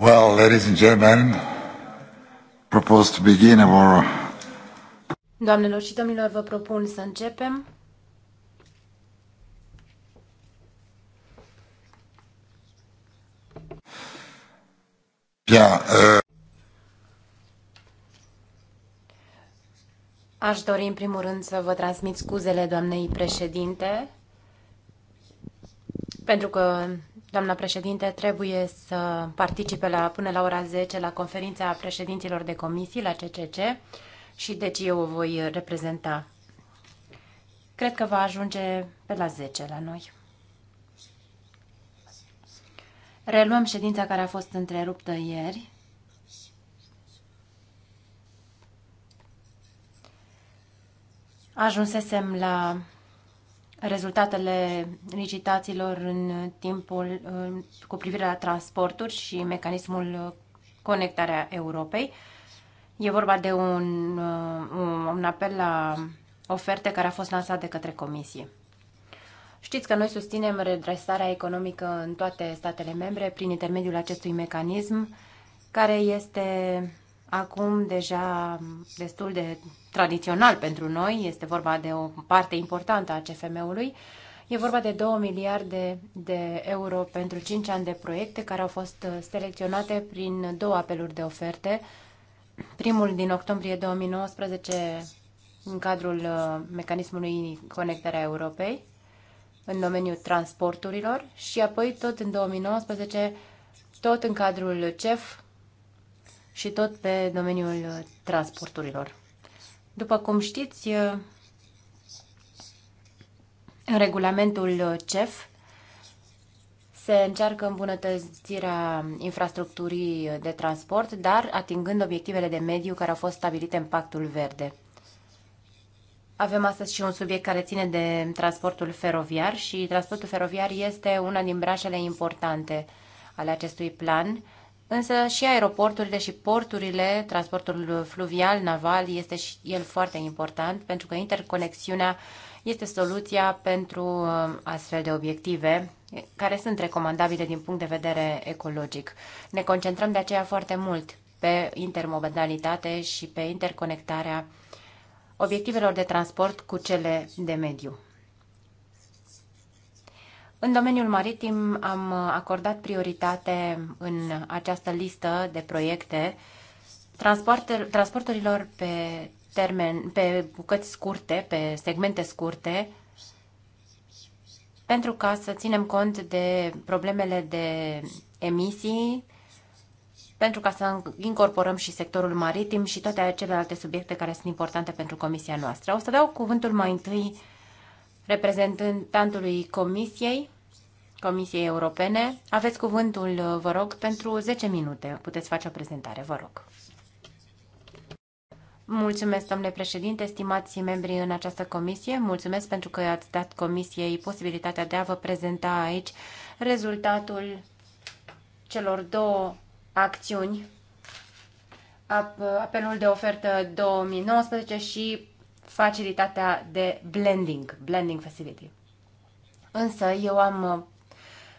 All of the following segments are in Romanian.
Well, ladies and gentlemen, propose to begin our... Doamnelor și domnilor, vă propun să începem. Bien, uh... Aș dori în primul rând să vă transmit scuzele doamnei președinte pentru că doamna președinte, trebuie să participe la, până la ora 10 la conferința președinților de comisii la CCC și deci eu o voi reprezenta. Cred că va ajunge pe la 10 la noi. Reluăm ședința care a fost întreruptă ieri. Ajunsesem la rezultatele licitațiilor în timpul cu privire la transporturi și mecanismul conectarea Europei. E vorba de un, uh, un apel la oferte care a fost lansat de către Comisie. Știți că noi susținem redresarea economică în toate statele membre prin intermediul acestui mecanism care este acum deja destul de tradițional pentru noi, este vorba de o parte importantă a CFM-ului. E vorba de 2 miliarde de euro pentru 5 ani de proiecte care au fost uh, selecționate prin două apeluri de oferte. Primul din octombrie 2019 în cadrul uh, mecanismului Conectarea Europei în domeniul transporturilor și apoi tot în 2019 tot în cadrul CEF și tot pe domeniul uh, transporturilor. După cum știți, în uh, regulamentul uh, CEF se încearcă îmbunătățirea infrastructurii de transport, dar atingând obiectivele de mediu care au fost stabilite în Pactul Verde. Avem astăzi și un subiect care ține de transportul feroviar și transportul feroviar este una din branșele importante ale acestui plan Însă și aeroporturile și porturile, transportul fluvial, naval, este și el foarte important pentru că interconexiunea este soluția pentru uh, astfel de obiective care sunt recomandabile din punct de vedere ecologic. Ne concentrăm de aceea foarte mult pe intermodalitate și pe interconectarea obiectivelor de transport cu cele de mediu. În domeniul maritim am acordat prioritate în această listă de proiecte transporturilor pe, termen, pe bucăți scurte, pe segmente scurte, pentru ca să ținem cont de problemele de emisii, pentru ca să incorporăm și sectorul maritim și toate celelalte subiecte care sunt importante pentru comisia noastră. O să dau cuvântul mai întâi reprezentantului comisiei, Comisiei Europene. Aveți cuvântul, vă rog, pentru 10 minute. Puteți face o prezentare, vă rog. Mulțumesc, domnule președinte, stimați membri în această comisie. Mulțumesc pentru că ați dat comisiei posibilitatea de a vă prezenta aici rezultatul celor două acțiuni, apelul de ofertă 2019 și facilitatea de blending, blending facility. Însă eu am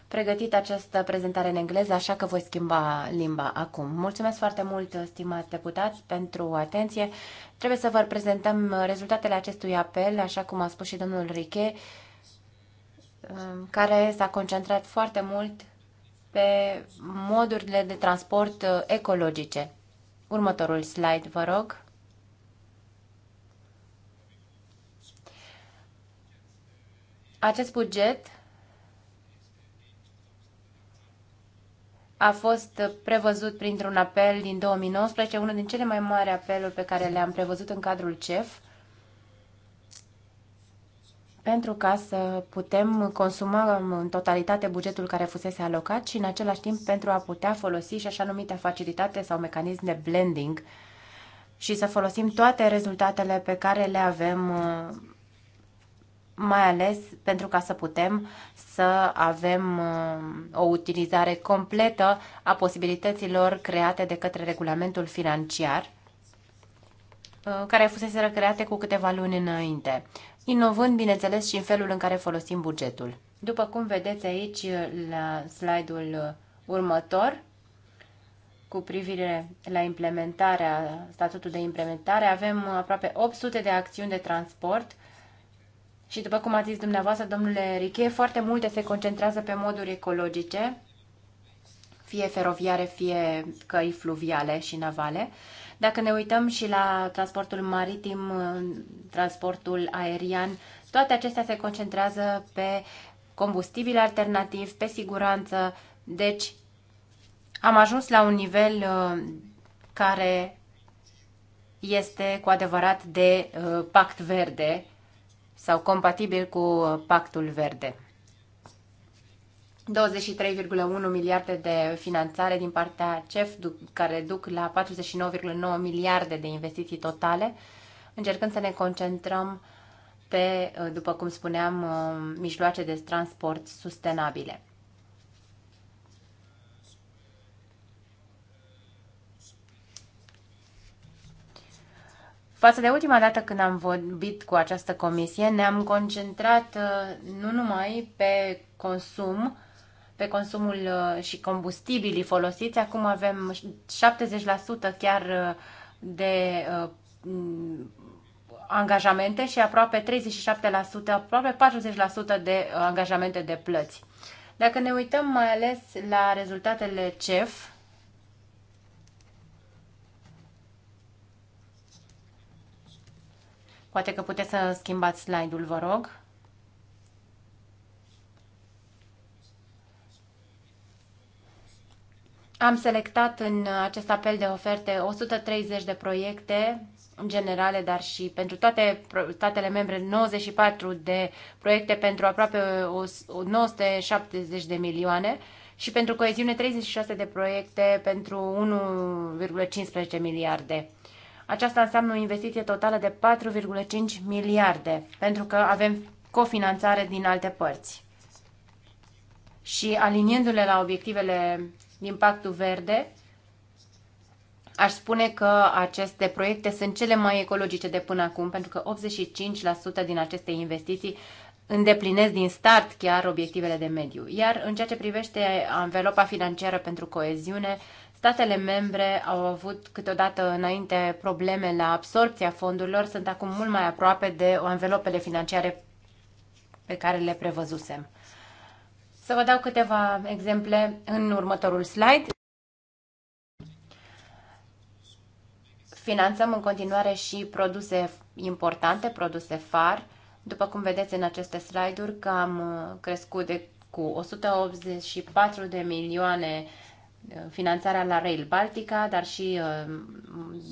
pregătit această prezentare în engleză, așa că voi schimba limba acum. Mulțumesc foarte mult, stimați deputați, pentru atenție. Trebuie să vă prezentăm rezultatele acestui apel, așa cum a spus și domnul Riche, um, care s-a concentrat foarte mult pe modurile de transport uh, ecologice. Următorul slide, vă rog. Acest buget a fost prevăzut printr-un apel din 2019, unul din cele mai mari apeluri pe care le-am prevăzut în cadrul CEF, pentru ca să putem consuma în totalitate bugetul care fusese alocat și în același timp pentru a putea folosi și așa numită facilitate sau mecanism de blending și să folosim toate rezultatele pe care le avem uh, mai ales pentru ca să putem să avem uh, o utilizare completă a posibilităților create de către regulamentul financiar, uh, care fusese create cu câteva luni înainte, inovând, bineînțeles, și în felul în care folosim bugetul. După cum vedeți aici uh, la slide-ul următor, cu privire la implementarea, statutul de implementare, avem aproape 800 de acțiuni de transport, și după cum ați zis dumneavoastră, domnule Riche, foarte multe se concentrează pe moduri ecologice, fie feroviare, fie căi fluviale și navale. Dacă ne uităm și la transportul maritim, transportul aerian, toate acestea se concentrează pe combustibili alternativi, pe siguranță. Deci am ajuns la un nivel uh, care este cu adevărat de uh, pact verde sau compatibil cu uh, Pactul Verde. 23,1 miliarde de finanțare din partea CEF, care duc la 49,9 miliarde de investiții totale, încercând să ne concentrăm pe, uh, după cum spuneam, uh, mijloace de transport sustenabile. Față de ultima dată când am vorbit cu această comisie, ne-am concentrat uh, nu numai pe consum, pe consumul uh, și combustibilii folosiți. Acum avem 70% chiar uh, de angajamente și aproape 37%, aproape 40% de angajamente de plăți. Dacă ne uităm mai ales la rezultatele CEF, Poate că puteți să schimbați slide-ul, vă rog. Am selectat în acest apel de oferte 130 de proiecte generale, dar și pentru toate statele membre 94 de proiecte pentru aproape 970 de milioane și pentru coeziune 36 de proiecte pentru 1,15 miliarde. Aceasta înseamnă o investiție totală de 4,5 miliarde, pentru că avem cofinanțare din alte părți. Și aliniindu-le la obiectivele din Pactul Verde, aș spune că aceste proiecte sunt cele mai ecologice de până acum, pentru că 85% din aceste investiții îndeplinesc din start chiar obiectivele de mediu. Iar în ceea ce privește anvelopa financiară pentru coeziune, Statele membre au avut câteodată înainte probleme la absorpția fondurilor, sunt acum mult mai aproape de anvelopele financiare pe care le prevăzusem. Să vă dau câteva exemple în următorul slide. Finanțăm în continuare și produse importante, produse far. După cum vedeți în aceste slide-uri că am uh, crescut de, cu 184 de milioane Uh, finanțarea la Rail Baltica, dar și uh,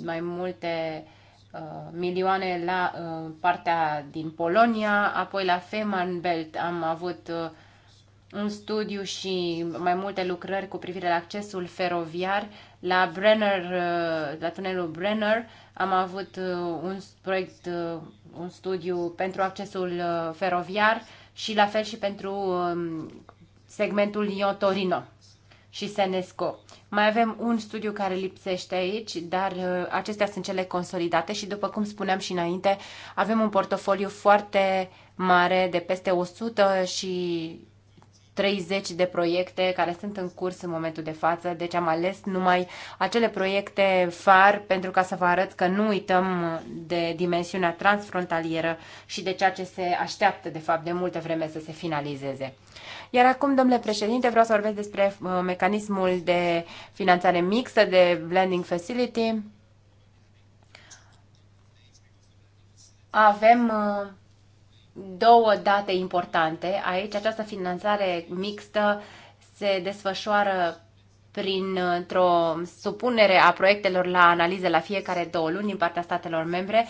mai multe uh, milioane la partea din Polonia, apoi la Feman Belt am avut un studiu și mai multe lucrări cu privire la accesul feroviar. La Brenner, la tunelul Brenner, am avut un proiect, un studiu pentru accesul feroviar și la fel și pentru um, segmentul Iotorino. torino și Senesco. Mai avem un studiu care lipsește aici, dar uh, acestea sunt cele consolidate și, după cum spuneam și înainte, avem un portofoliu foarte mare de peste 100 și 30 de proiecte care sunt în curs în momentul de față, deci am ales numai acele proiecte far pentru ca să vă arăt că nu uităm de dimensiunea transfrontalieră și de ceea ce se așteaptă de fapt de multe vreme să se finalizeze. Iar acum, domnule președinte, vreau să vorbesc despre uh, mecanismul de finanțare mixtă, de blending facility. Avem uh, două date importante. Aici această finanțare mixtă se desfășoară printr-o supunere a proiectelor la analize la fiecare două luni din partea statelor membre.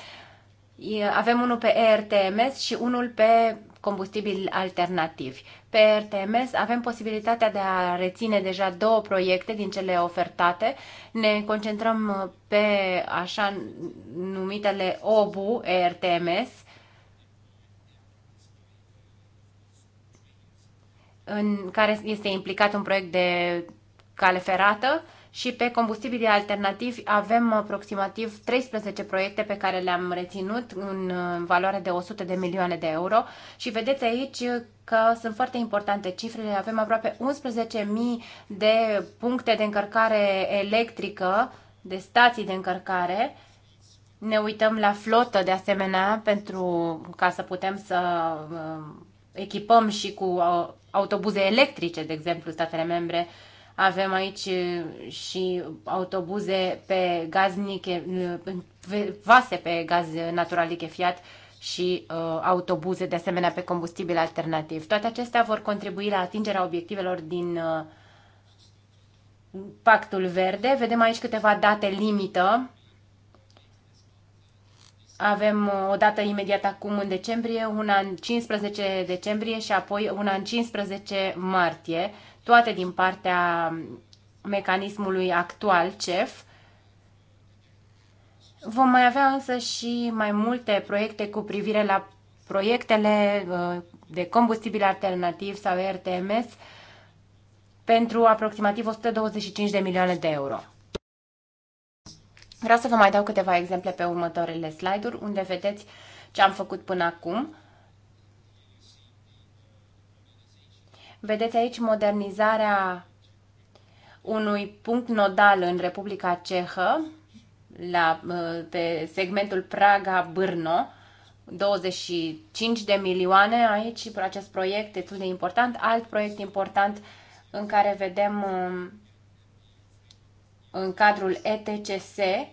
Avem unul pe ERTMS și unul pe combustibili alternativi. Pe RTMS avem posibilitatea de a reține deja două proiecte din cele ofertate. Ne concentrăm pe așa numitele OBU ERTMS, în care este implicat un proiect de cale ferată și pe combustibili alternativi avem aproximativ 13 proiecte pe care le-am reținut în uh, valoare de 100 de milioane de euro și vedeți aici că sunt foarte importante cifrele. Avem aproape 11.000 de puncte de încărcare electrică, de stații de încărcare. Ne uităm la flotă de asemenea pentru ca să putem să uh, echipăm și cu uh, autobuze electrice, de exemplu, statele membre. Avem aici și autobuze pe gaz niche, vase pe gaz natural lichefiat și uh, autobuze de asemenea pe combustibil alternativ. Toate acestea vor contribui la atingerea obiectivelor din uh, Pactul Verde. Vedem aici câteva date limită avem o dată imediat acum în decembrie, una în 15 decembrie și apoi una în 15 martie, toate din partea mecanismului actual CEF. Vom mai avea însă și mai multe proiecte cu privire la proiectele uh, de combustibil alternativ sau RTMS pentru aproximativ 125 de milioane de euro. Vreau să vă mai dau câteva exemple pe următoarele slide-uri, unde vedeți ce am făcut până acum. Vedeți aici modernizarea unui punct nodal în Republica Cehă, la, uh, pe segmentul Praga-Brno, 25 de milioane aici, acest proiect destul de important. Alt proiect important în care vedem um, în cadrul ETCS, uh,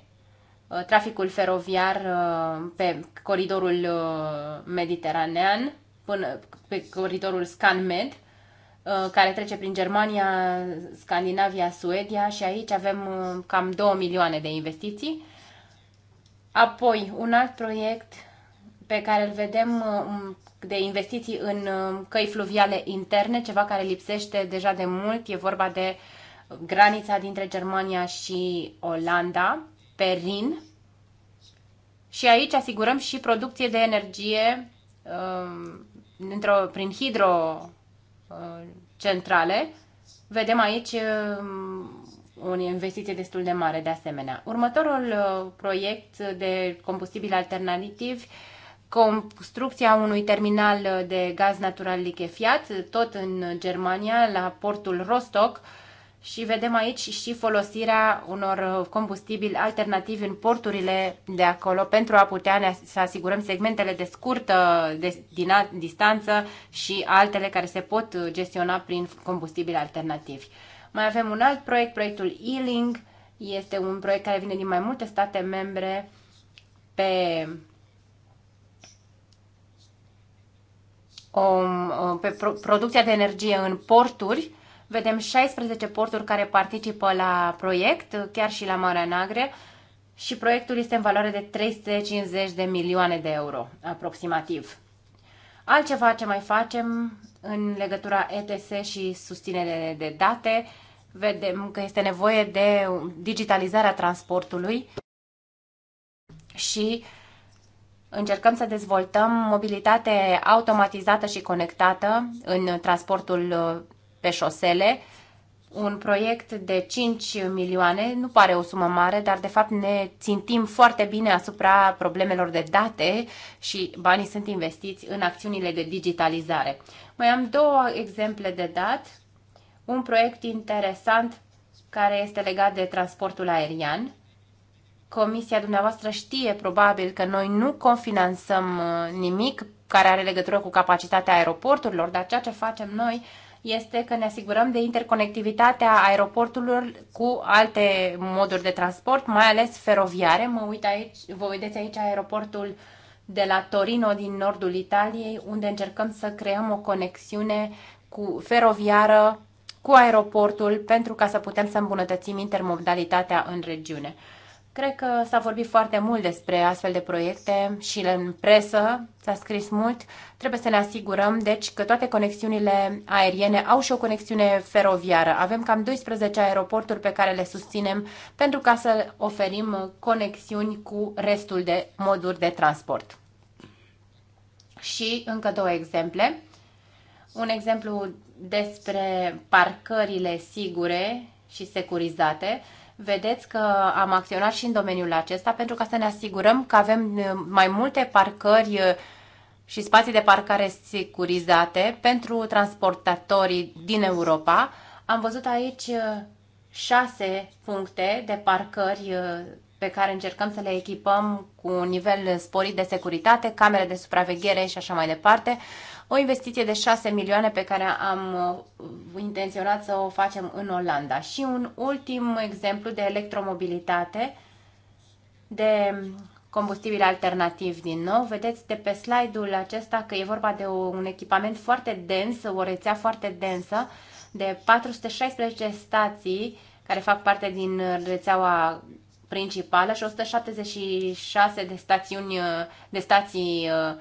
traficul feroviar uh, pe coridorul uh, mediteranean, până pe coridorul ScanMed, care trece prin Germania, Scandinavia, Suedia și aici avem cam 2 milioane de investiții. Apoi, un alt proiect pe care îl vedem de investiții în căi fluviale interne, ceva care lipsește deja de mult, e vorba de uh, granița dintre Germania și Olanda, pe Rin. Și aici asigurăm și producție de energie um, prin hidrocentrale. Uh, Vedem aici um, o investiție destul de mare de asemenea. Următorul uh, proiect de combustibil alternativ construcția unui terminal de gaz natural lichefiat, tot în Germania, la portul Rostock, și vedem aici și folosirea unor uh, combustibili alternativi în porturile de acolo pentru a putea ne, să asigurăm segmentele de scurtă de, din a, distanță și altele care se pot uh, gestiona prin combustibili alternativi. Mai avem un alt proiect, proiectul E-Link. Este un proiect care vine din mai multe state membre pe o, uh, pe producția de energie în porturi Vedem 16 porturi care participă la proiect, chiar și la Marea Nagre, și proiectul este în valoare de 350 de milioane de euro, aproximativ. Altceva ce mai facem în legătura ETS și susținere de date, vedem că este nevoie de digitalizarea transportului și încercăm să dezvoltăm mobilitate automatizată și conectată în transportul pe șosele, un proiect de 5 milioane, nu pare o sumă mare, dar de fapt ne țintim foarte bine asupra problemelor de date și banii sunt investiți în acțiunile de digitalizare. Mai am două exemple de dat. Un proiect interesant care este legat de transportul aerian. Comisia dumneavoastră știe probabil că noi nu confinanțăm uh, nimic care are legătură cu capacitatea aeroporturilor, dar ceea ce facem noi este că ne asigurăm de interconectivitatea aeroporturilor cu alte moduri de transport, mai ales feroviare. Mă uit aici, vă vedeți aici aeroportul de la Torino din nordul Italiei, unde încercăm să creăm o conexiune cu feroviară cu aeroportul pentru ca să putem să îmbunătățim intermodalitatea în regiune. Cred că s-a vorbit foarte mult despre astfel de proiecte și în presă s-a scris mult. Trebuie să ne asigurăm, deci, că toate conexiunile aeriene au și o conexiune feroviară. Avem cam 12 aeroporturi pe care le susținem pentru ca să oferim conexiuni cu restul de moduri de transport. Și încă două exemple. Un exemplu despre parcările sigure și securizate vedeți că am acționat și în domeniul acesta pentru ca să ne asigurăm că avem uh, mai multe parcări uh, și spații de parcare securizate pentru transportatorii din Europa. Am văzut aici uh, șase puncte de parcări pe care încercăm să le echipăm cu un nivel sporit de securitate, camere de supraveghere și așa mai departe. O investiție de 6 milioane pe care am uh, intenționat să o facem în Olanda. Și un ultim exemplu de electromobilitate, de combustibili alternativi din nou. Vedeți de pe slide-ul acesta că e vorba de un echipament foarte dens, o rețea foarte densă, de 416 stații care fac parte din rețeaua principală și 176 de stațiuni uh, de stații uh,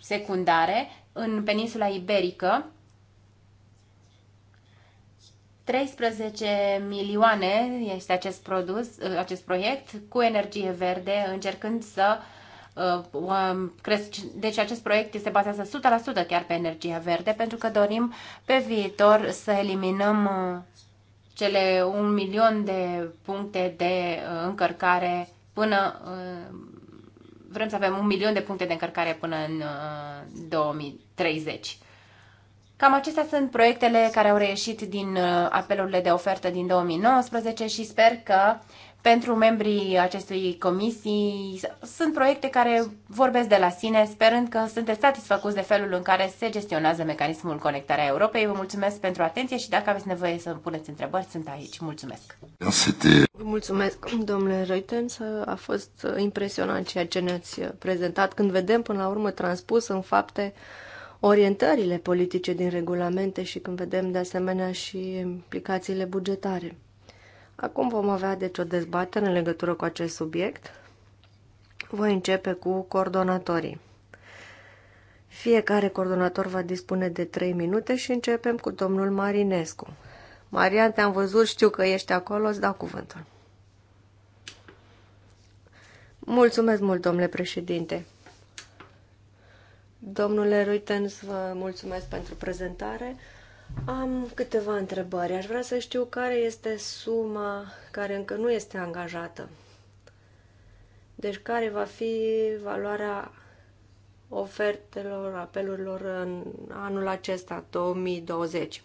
secundare în peninsula iberică. 13 milioane este acest produs, uh, acest proiect cu energie verde, încercând să um, deci acest proiect se bazează 100% chiar pe energia verde pentru că dorim pe viitor să eliminăm cele un milion de puncte de uh, încărcare până uh, vrem să avem un milion de puncte de încărcare până în 2030. Uh, Cam acestea sunt proiectele care au reieșit din apelurile de ofertă din 2019 și sper că pentru membrii acestui comisii. Sunt proiecte care vorbesc de la sine, sperând că sunteți satisfăcuți de felul în care se gestionează mecanismul Conectarea Europei. Vă mulțumesc pentru atenție și dacă aveți nevoie să puneți întrebări, sunt aici. Mulțumesc! Vă mulțumesc, domnule Reutens. A fost impresionant ceea ce ne-ați prezentat. Când vedem, până la urmă, transpus în fapte orientările politice din regulamente și când vedem, de asemenea, și implicațiile bugetare. Acum vom avea deci o dezbatere în legătură cu acest subiect. Voi începe cu coordonatorii. Fiecare coordonator va dispune de 3 minute și începem cu domnul Marinescu. Marian, te-am văzut, știu că ești acolo, îți dau cuvântul. Mulțumesc mult, domnule președinte. Domnule Ruitens, vă mulțumesc pentru prezentare. Am câteva întrebări. Aș vrea să știu care este suma care încă nu este angajată. Deci care va fi valoarea ofertelor, apelurilor în anul acesta, 2020,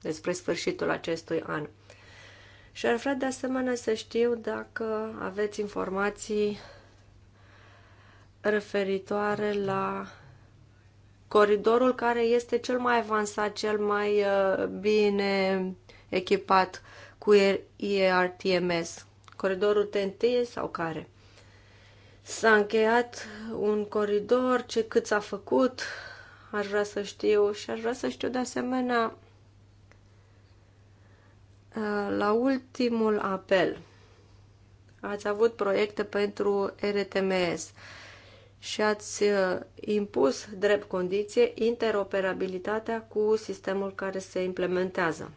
despre sfârșitul acestui an. Și ar vrea de asemenea să știu dacă aveți informații referitoare la coridorul care este cel mai avansat, cel mai uh, bine echipat cu ERTMS, coridorul TNT sau care. S-a încheiat un coridor, ce cât s-a făcut, aș vrea să știu și aș vrea să știu de asemenea uh, la ultimul apel ați avut proiecte pentru RTMS și ați uh, impus drept condiție interoperabilitatea cu sistemul care se implementează.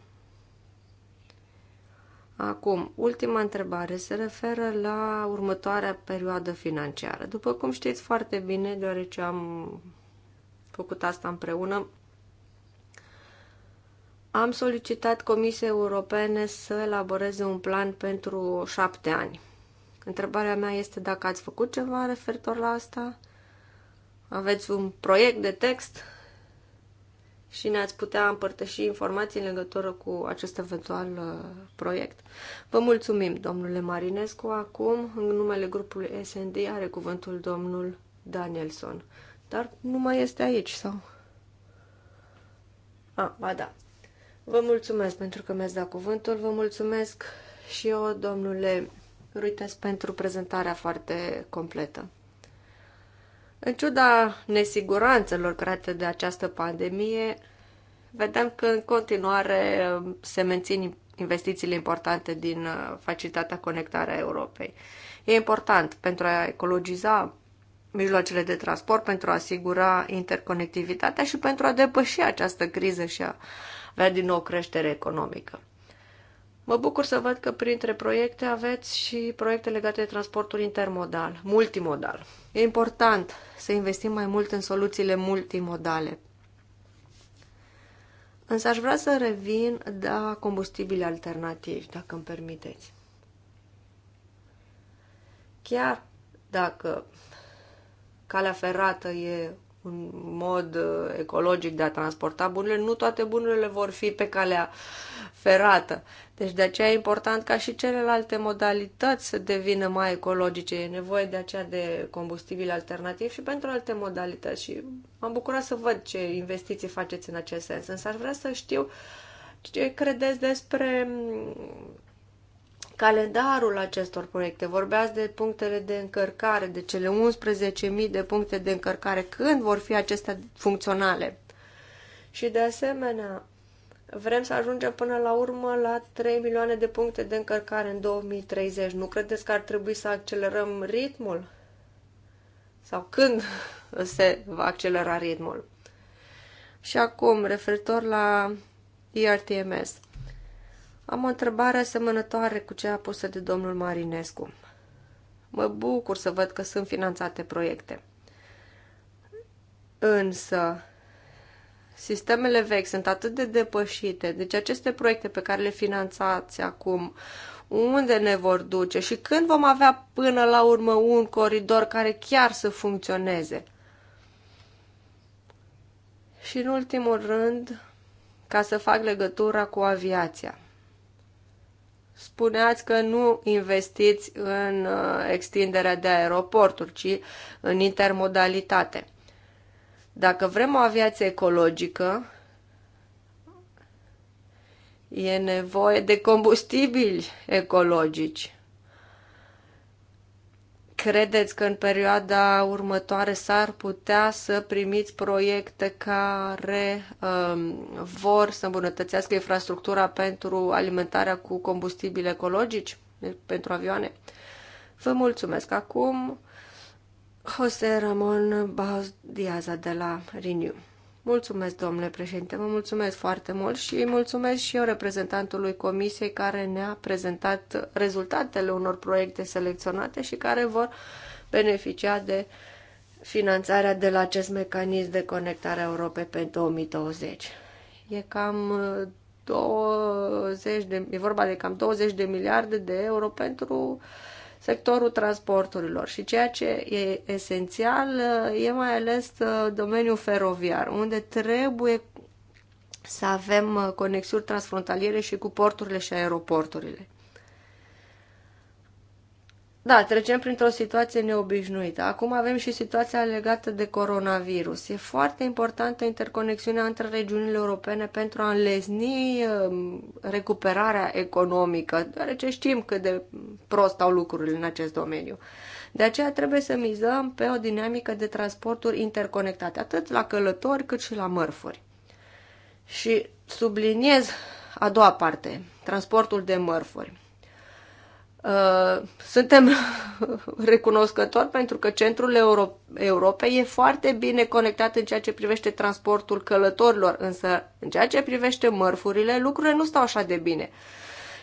Acum, ultima întrebare se referă la următoarea perioadă financiară. După cum știți foarte bine, deoarece am făcut asta împreună, am solicitat Comisiei Europene să elaboreze un plan pentru șapte ani. Întrebarea mea este dacă ați făcut ceva referitor la asta, aveți un proiect de text și ne-ați putea împărtăși informații în legătură cu acest eventual uh, proiect. Vă mulțumim, domnule Marinescu. Acum, în numele grupului SND, are cuvântul domnul Danielson. Dar nu mai este aici, sau? A, ba da. Vă mulțumesc pentru că mi-ați dat cuvântul. Vă mulțumesc și eu, domnule Ruites pentru prezentarea foarte completă. În ciuda nesiguranțelor create de această pandemie, vedem că în continuare um, se mențin investițiile importante din uh, facilitatea conectarea Europei. E important pentru a ecologiza mijloacele de transport, pentru a asigura interconectivitatea și pentru a depăși această criză și a avea din nou creștere economică. Mă bucur să văd că printre proiecte aveți și proiecte legate de transportul intermodal, multimodal. E important să investim mai mult în soluțiile multimodale. Însă aș vrea să revin la da, combustibile alternativi, dacă îmi permiteți. Chiar dacă calea ferată e un mod uh, ecologic de a transporta bunurile, nu toate bunurile vor fi pe calea uh, ferată. Deci de aceea e important ca și celelalte modalități să devină mai ecologice. E nevoie de aceea de combustibil alternativ și pentru alte modalități. Și m-am bucurat să văd ce investiții faceți în acest sens. Însă aș vrea să știu ce credeți despre calendarul acestor proiecte. Vorbeați de punctele de încărcare, de cele 11.000 de puncte de încărcare. Când vor fi acestea funcționale? Și de asemenea, Vrem să ajungem până la urmă la 3 milioane de puncte de încărcare în 2030. Nu credeți că ar trebui să accelerăm ritmul? Sau când se va accelera ritmul? Și acum, referitor la IRTMS. Am o întrebare asemănătoare cu cea pusă de domnul Marinescu. Mă bucur să văd că sunt finanțate proiecte. Însă, Sistemele vechi sunt atât de depășite, deci aceste proiecte pe care le finanțați acum, unde ne vor duce și când vom avea până la urmă un coridor care chiar să funcționeze. Și în ultimul rând, ca să fac legătura cu aviația. Spuneați că nu investiți în uh, extinderea de aeroporturi, ci în intermodalitate. Dacă vrem o aviație ecologică, e nevoie de combustibili ecologici. Credeți că în perioada următoare s-ar putea să primiți proiecte care um, vor să îmbunătățească infrastructura pentru alimentarea cu combustibili ecologici, pentru avioane? Vă mulțumesc. Acum José Ramon Baos Diaza de la Renew. Mulțumesc, domnule președinte, vă mulțumesc foarte mult și mulțumesc și eu reprezentantului comisiei care ne-a prezentat rezultatele unor proiecte selecționate și care vor beneficia de finanțarea de la acest mecanism de conectare a Europei pentru 2020. E cam 20 uh, de, e vorba de cam 20 de miliarde de euro pentru uh, sectorul transporturilor și ceea ce e esențial uh, e mai ales uh, domeniul feroviar, unde trebuie să avem uh, conexiuni transfrontaliere și cu porturile și aeroporturile. Da, trecem printr-o situație neobișnuită. Acum avem și situația legată de coronavirus. E foarte importantă interconexiunea între regiunile europene pentru a înlesni um, recuperarea economică, deoarece știm cât de prost au lucrurile în acest domeniu. De aceea trebuie să mizăm pe o dinamică de transporturi interconectate, atât la călători cât și la mărfuri. Și subliniez a doua parte, transportul de mărfuri. Uh, suntem recunoscători pentru că centrul Euro- Europei e foarte bine conectat în ceea ce privește transportul călătorilor, însă în ceea ce privește mărfurile, lucrurile nu stau așa de bine.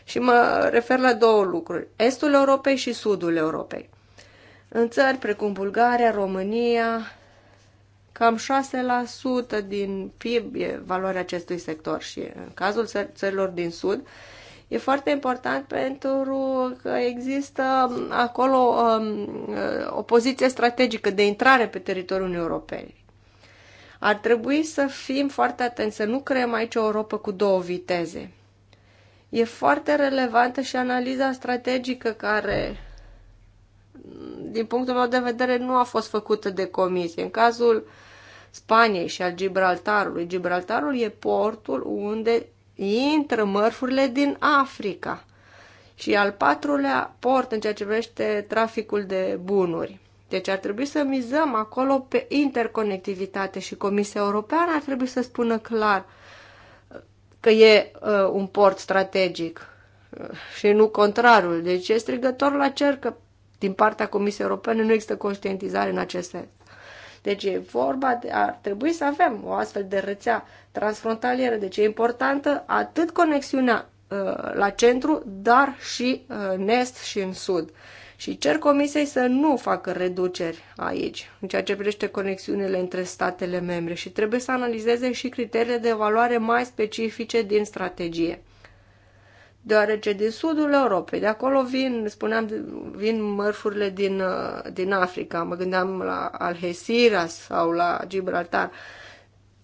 Și mă refer la două lucruri, estul Europei și sudul Europei. În țări precum Bulgaria, România, cam 6% din PIB e valoarea acestui sector și în cazul țărilor din sud, E foarte important pentru că există acolo um, o poziție strategică de intrare pe teritoriul Uniunii Europene. Ar trebui să fim foarte atenți, să nu creăm aici o Europa cu două viteze. E foarte relevantă și analiza strategică care, din punctul meu de vedere, nu a fost făcută de comisie. În cazul Spaniei și al Gibraltarului, Gibraltarul e portul unde intră mărfurile din Africa. Și al patrulea port în ceea ce privește traficul de bunuri. Deci ar trebui să mizăm acolo pe interconectivitate și Comisia Europeană ar trebui să spună clar că e uh, un port strategic uh, și nu contrarul. Deci e strigător la cer că din partea Comisiei Europene nu există conștientizare în acest sens. Deci e vorba, de, ar trebui să avem o astfel de rețea transfrontalieră. Deci e importantă atât conexiunea uh, la centru, dar și uh, în est și în sud. Și cer comisiei să nu facă reduceri aici, în ceea ce privește conexiunile între statele membre și trebuie să analizeze și criteriile de evaluare mai specifice din strategie deoarece din sudul Europei, de acolo vin, spuneam, vin mărfurile din, uh, din Africa, mă gândeam la Algeciras sau la Gibraltar,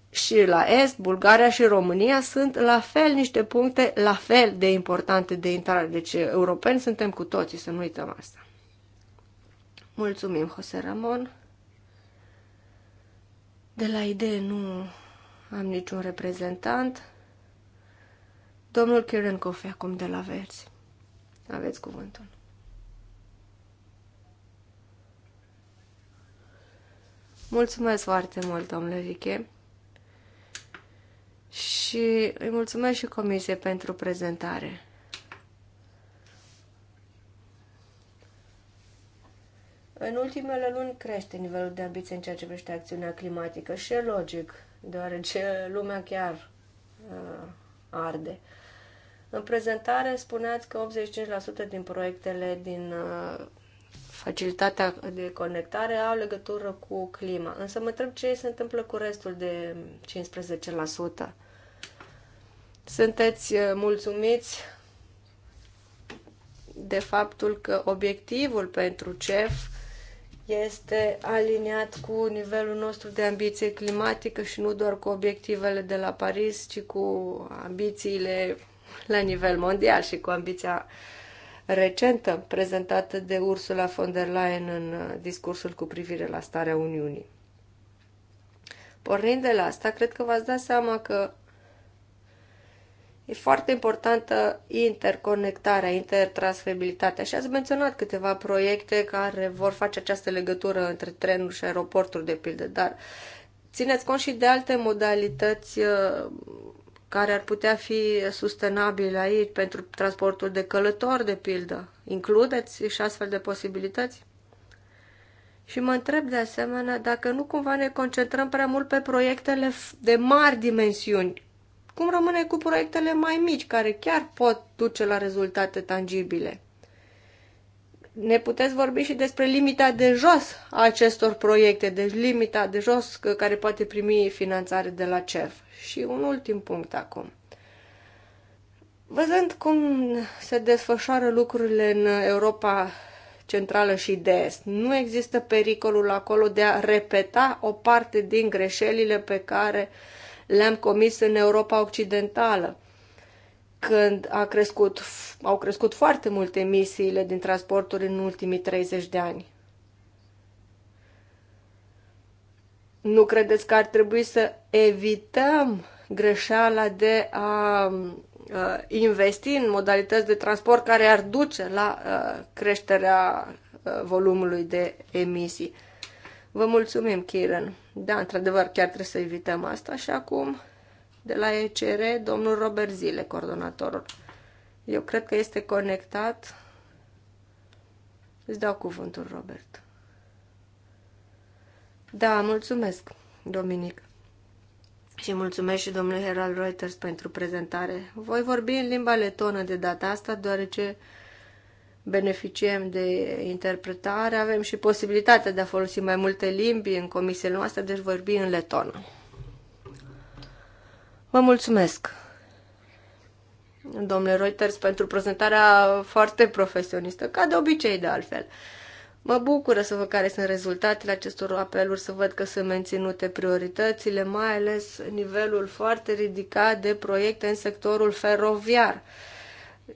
și la Est, Bulgaria și România sunt la fel niște puncte la fel de importante de intrare. Deci europeni suntem cu toții, să nu uităm asta. Mulțumim, Jose Ramon. De la idee nu am niciun reprezentant. Domnul Coffey, acum de la Verzi. Aveți cuvântul. Mulțumesc foarte mult, domnule Viche. Și îi mulțumesc și comisie pentru prezentare. În ultimele luni crește nivelul de ambiție în ceea ce privește acțiunea climatică și e logic, deoarece lumea chiar uh, arde. Uh, în prezentare spuneați că 85% din proiectele din uh, facilitatea de conectare au legătură cu clima. Însă mă întreb ce se întâmplă cu restul de 15%. Sunteți uh, mulțumiți de faptul că obiectivul pentru CEF este aliniat cu nivelul nostru de ambiție climatică și nu doar cu obiectivele de la Paris, ci cu ambițiile la nivel mondial și cu ambiția recentă prezentată de Ursula von der Leyen în uh, discursul cu privire la starea Uniunii. Pornind de la asta, cred că v-ați dat seama că e foarte importantă interconectarea, intertransferibilitatea. și ați menționat câteva proiecte care vor face această legătură între trenuri și aeroporturi, de pildă, dar țineți cont și de alte modalități uh, care ar putea fi sustenabile aici pentru transportul de călători, de pildă? Includeți și astfel de posibilități? Și mă întreb de asemenea dacă nu cumva ne concentrăm prea mult pe proiectele de mari dimensiuni. Cum rămâne cu proiectele mai mici, care chiar pot duce la rezultate tangibile? ne puteți vorbi și despre limita de jos a acestor proiecte, deci limita de jos care poate primi finanțare de la CEF. Și un ultim punct acum. Văzând cum se desfășoară lucrurile în Europa centrală și de est, nu există pericolul acolo de a repeta o parte din greșelile pe care le-am comis în Europa Occidentală când a crescut, au crescut foarte mult emisiile din transporturi în ultimii 30 de ani. Nu credeți că ar trebui să evităm greșeala de a investi în modalități de transport care ar duce la creșterea volumului de emisii? Vă mulțumim, Kieran. Da, într-adevăr, chiar trebuie să evităm asta și acum de la ECR, domnul Robert Zile, coordonatorul. Eu cred că este conectat. Îți dau cuvântul, Robert. Da, mulțumesc, Dominic. Și mulțumesc și domnului Herald Reuters pentru prezentare. Voi vorbi în limba letonă de data asta, deoarece beneficiem de interpretare, avem și posibilitatea de a folosi mai multe limbi în comisiile noastre, deci vorbi în letonă. Vă mulțumesc, domnule Reuters, pentru prezentarea foarte profesionistă, ca de obicei de altfel. Mă bucură să văd care sunt rezultatele acestor apeluri, să văd că sunt menținute prioritățile, mai ales nivelul foarte ridicat de proiecte în sectorul feroviar.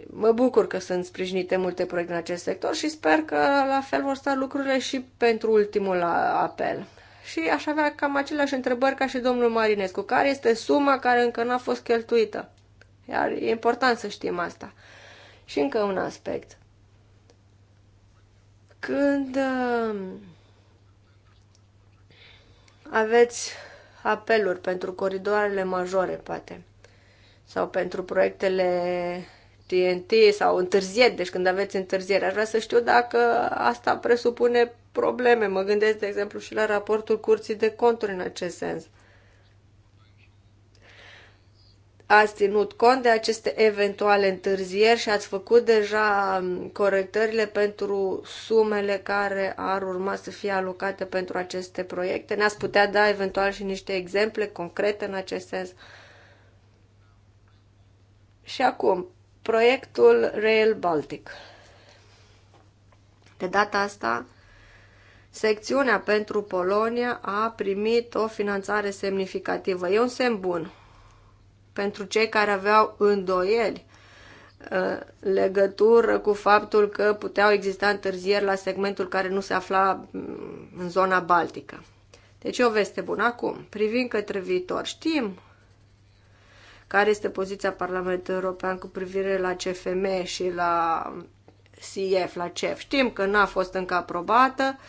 Mă bucur că sunt sprijinite multe proiecte în acest sector și sper că la fel vor sta lucrurile și pentru ultimul apel și aș avea cam aceleași întrebări ca și domnul Marinescu. Care este suma care încă n-a fost cheltuită? Iar e important să știm asta. Și încă un aspect. Când uh, aveți apeluri pentru coridoarele majore, poate, sau pentru proiectele TNT sau întârzieri, deci când aveți întârzieri, aș vrea să știu dacă asta presupune probleme. Mă gândesc, de exemplu, și la raportul Curții de Conturi în acest sens. Ați ținut cont de aceste eventuale întârzieri și ați făcut deja corectările pentru sumele care ar urma să fie alocate pentru aceste proiecte? Ne-ați putea da eventual și niște exemple concrete în acest sens? Și acum, proiectul Rail Baltic. De data asta secțiunea pentru Polonia a primit o finanțare semnificativă. E un semn bun pentru cei care aveau îndoieli uh, legătură cu faptul că puteau exista întârzieri la segmentul care nu se afla mm, în zona baltică. Deci o veste bună. Acum, privind către viitor, știm care este poziția Parlamentului European cu privire la CFM și la CF, la CEF. Știm că n-a fost încă aprobată, uh,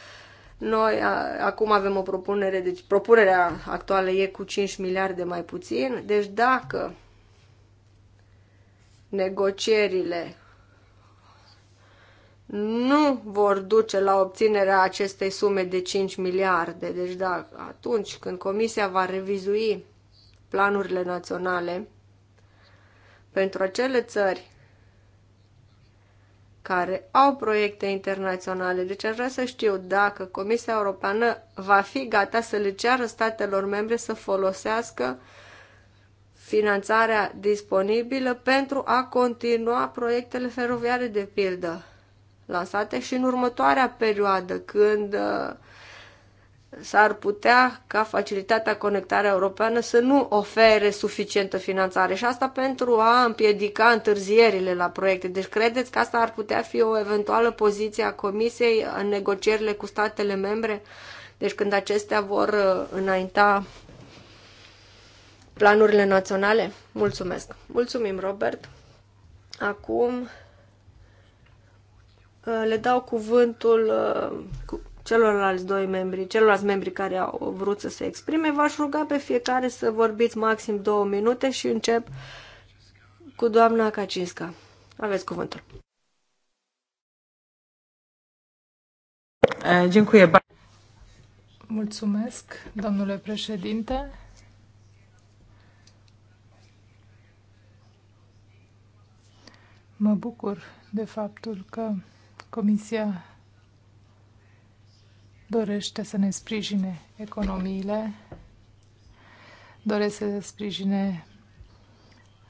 noi a, acum avem o propunere, deci propunerea actuală e cu 5 miliarde mai puțin, deci dacă negocierile nu vor duce la obținerea acestei sume de 5 miliarde, deci da, atunci când Comisia va revizui planurile naționale pentru acele țări care au proiecte internaționale. Deci aș vrea să știu dacă Comisia Europeană va fi gata să le ceară statelor membre să folosească finanțarea disponibilă pentru a continua proiectele feroviare de pildă lansate și în următoarea perioadă când uh, s-ar putea ca facilitatea conectarea europeană să nu ofere suficientă finanțare și asta pentru a împiedica întârzierile la proiecte. Deci credeți că asta ar putea fi o eventuală poziție a Comisiei în negocierile cu statele membre? Deci când acestea vor uh, înainta planurile naționale? Mulțumesc! Mulțumim, Robert! Acum uh, le dau cuvântul uh, celorlalți doi membri, celorlalți membri care au vrut să se exprime, v-aș ruga pe fiecare să vorbiți maxim două minute și încep cu doamna Kacinska. Aveți cuvântul. Mulțumesc, domnule președinte. Mă bucur de faptul că Comisia dorește să ne sprijine economiile, dorește să sprijine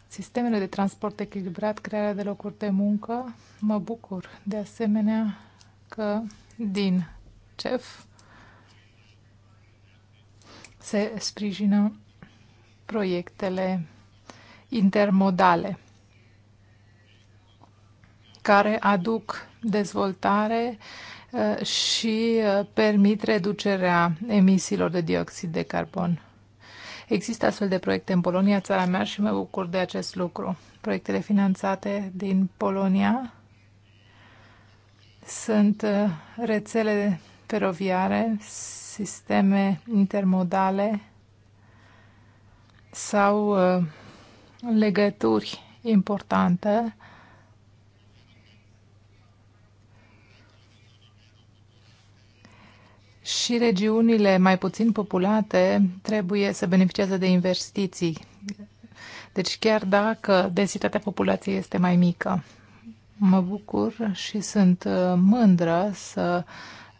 sistemele de transport echilibrat, crearea de locuri de muncă. Mă bucur de asemenea că din CEF se sprijină proiectele intermodale care aduc dezvoltare Uh, și uh, permit reducerea emisiilor de dioxid de carbon. Există astfel de proiecte în Polonia, țara mea, și mă bucur de acest lucru. Proiectele finanțate din Polonia sunt uh, rețele feroviare, sisteme intermodale sau legături importante și regiunile mai puțin populate trebuie să beneficieze de investiții. Deci chiar dacă densitatea populației este mai mică. Mă bucur și sunt uh, mândră să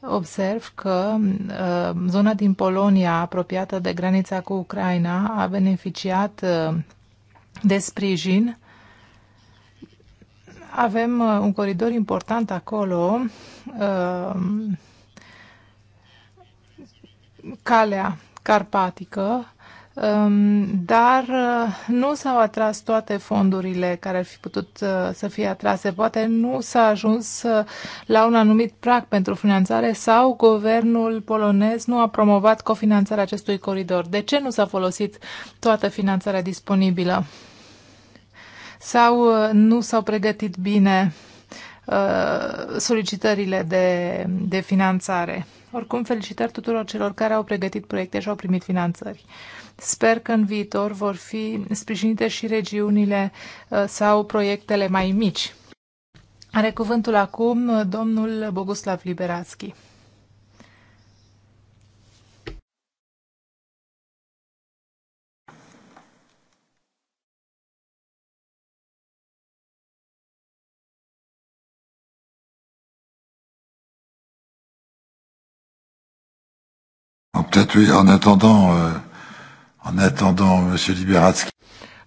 observ că uh, zona din Polonia apropiată de granița cu Ucraina a beneficiat uh, de sprijin. Avem un coridor important acolo calea carpatică, um, dar uh, nu s-au atras toate fondurile care ar fi putut uh, să fie atrase. Poate nu s-a ajuns uh, la un anumit prag pentru finanțare sau guvernul polonez nu a promovat cofinanțarea acestui coridor. De ce nu s-a folosit toată finanțarea disponibilă? Sau nu s-au pregătit bine solicitările de, de finanțare? Oricum, felicitări tuturor celor care au pregătit proiecte și au primit finanțări. Sper că în viitor vor fi sprijinite și regiunile uh, sau proiectele mai mici. Are cuvântul acum uh, domnul Boguslav Liberatski. Peut-être oui, en attendant, euh, en attendant M. Liberatsky.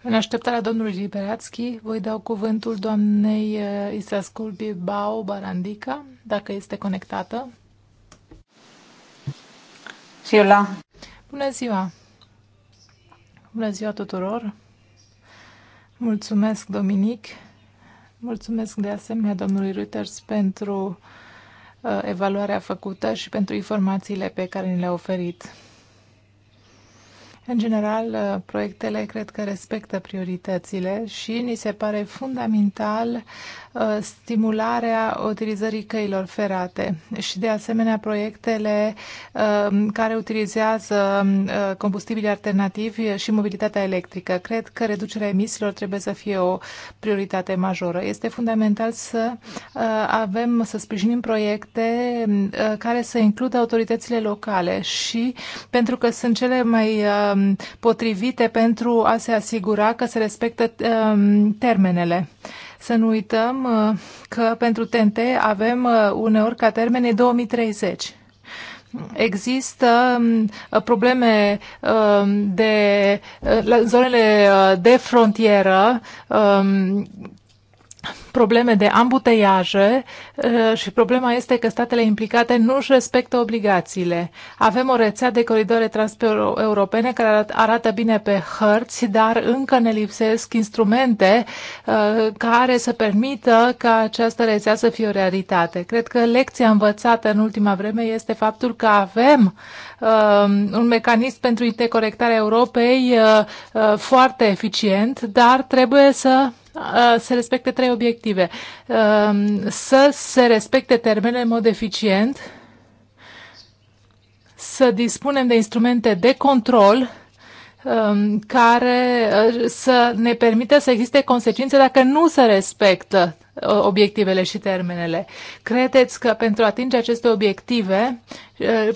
În așteptarea domnului Liberațchi, voi dau cuvântul doamnei uh, Isascul Bilbao Barandica, dacă este conectată. Siula. Bună ziua! Bună ziua tuturor! Mulțumesc, Dominic! Mulțumesc de asemenea domnului Reuters pentru uh, Uh, evaluarea făcută și pentru informațiile pe care ni le-a oferit. În general, uh, proiectele cred că respectă prioritățile și ni se pare fundamental uh, stimularea utilizării căilor ferate și de asemenea proiectele uh, care utilizează combustibili alternativi și mobilitatea electrică. Cred că reducerea emisiilor trebuie să fie o prioritate majoră. Este fundamental să avem, să sprijinim proiecte care să includă autoritățile locale și pentru că sunt cele mai Um, potrivite pentru a se asigura că se respectă um, termenele. Să nu uităm uh, că pentru TNT avem uh, uneori ca termene 2030. Există um, probleme de uh, zonele de frontieră probleme de ambuteiaje uh, și problema este că statele implicate nu își respectă obligațiile. Avem o rețea de coridoare transeuropene care arată bine pe hărți, dar încă ne lipsesc instrumente uh, care să permită ca această rețea să fie o realitate. Cred că lecția învățată în ultima vreme este faptul că avem um, un mecanism pentru interconectarea Europei uh, foarte eficient, dar trebuie să Uh, se respecte trei obiective. Um, să se respecte termenele în mod eficient, să dispunem de instrumente de control um, care uh, să ne permită să existe consecințe dacă nu se respectă uh, obiectivele și termenele. Credeți că pentru a atinge aceste obiective,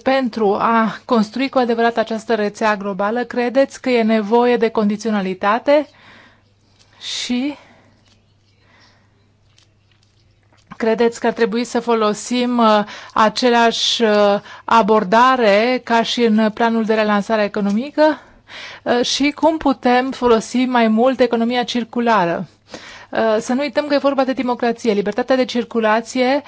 pentru a construi cu adevărat această rețea globală, credeți că e nevoie de condiționalitate și Credeți că ar trebui să folosim uh, aceleași uh, abordare ca și în planul de relansare economică? Uh, și cum putem folosi mai mult economia circulară? Să nu uităm că e vorba de democrație. Libertatea de circulație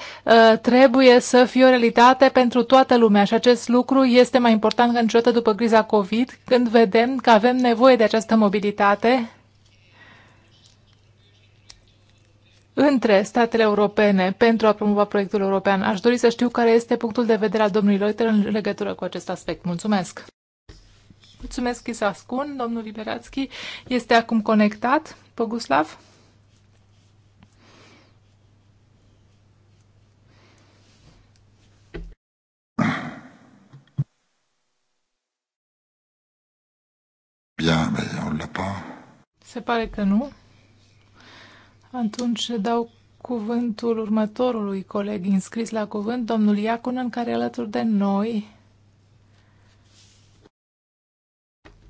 trebuie să fie o realitate pentru toată lumea și acest lucru este mai important ca niciodată după criza COVID, când vedem că avem nevoie de această mobilitate între statele europene pentru a promova proiectul european. Aș dori să știu care este punctul de vedere al domnului Reuter în legătură cu acest aspect. Mulțumesc! Mulțumesc, Isascun. Domnul Liberațchi este acum conectat. Boguslav? Bien, mais on l'a pas. Se pare că nu. Atunci dau cuvântul următorului coleg inscris la cuvânt, domnul Iacunen, care e alături de noi.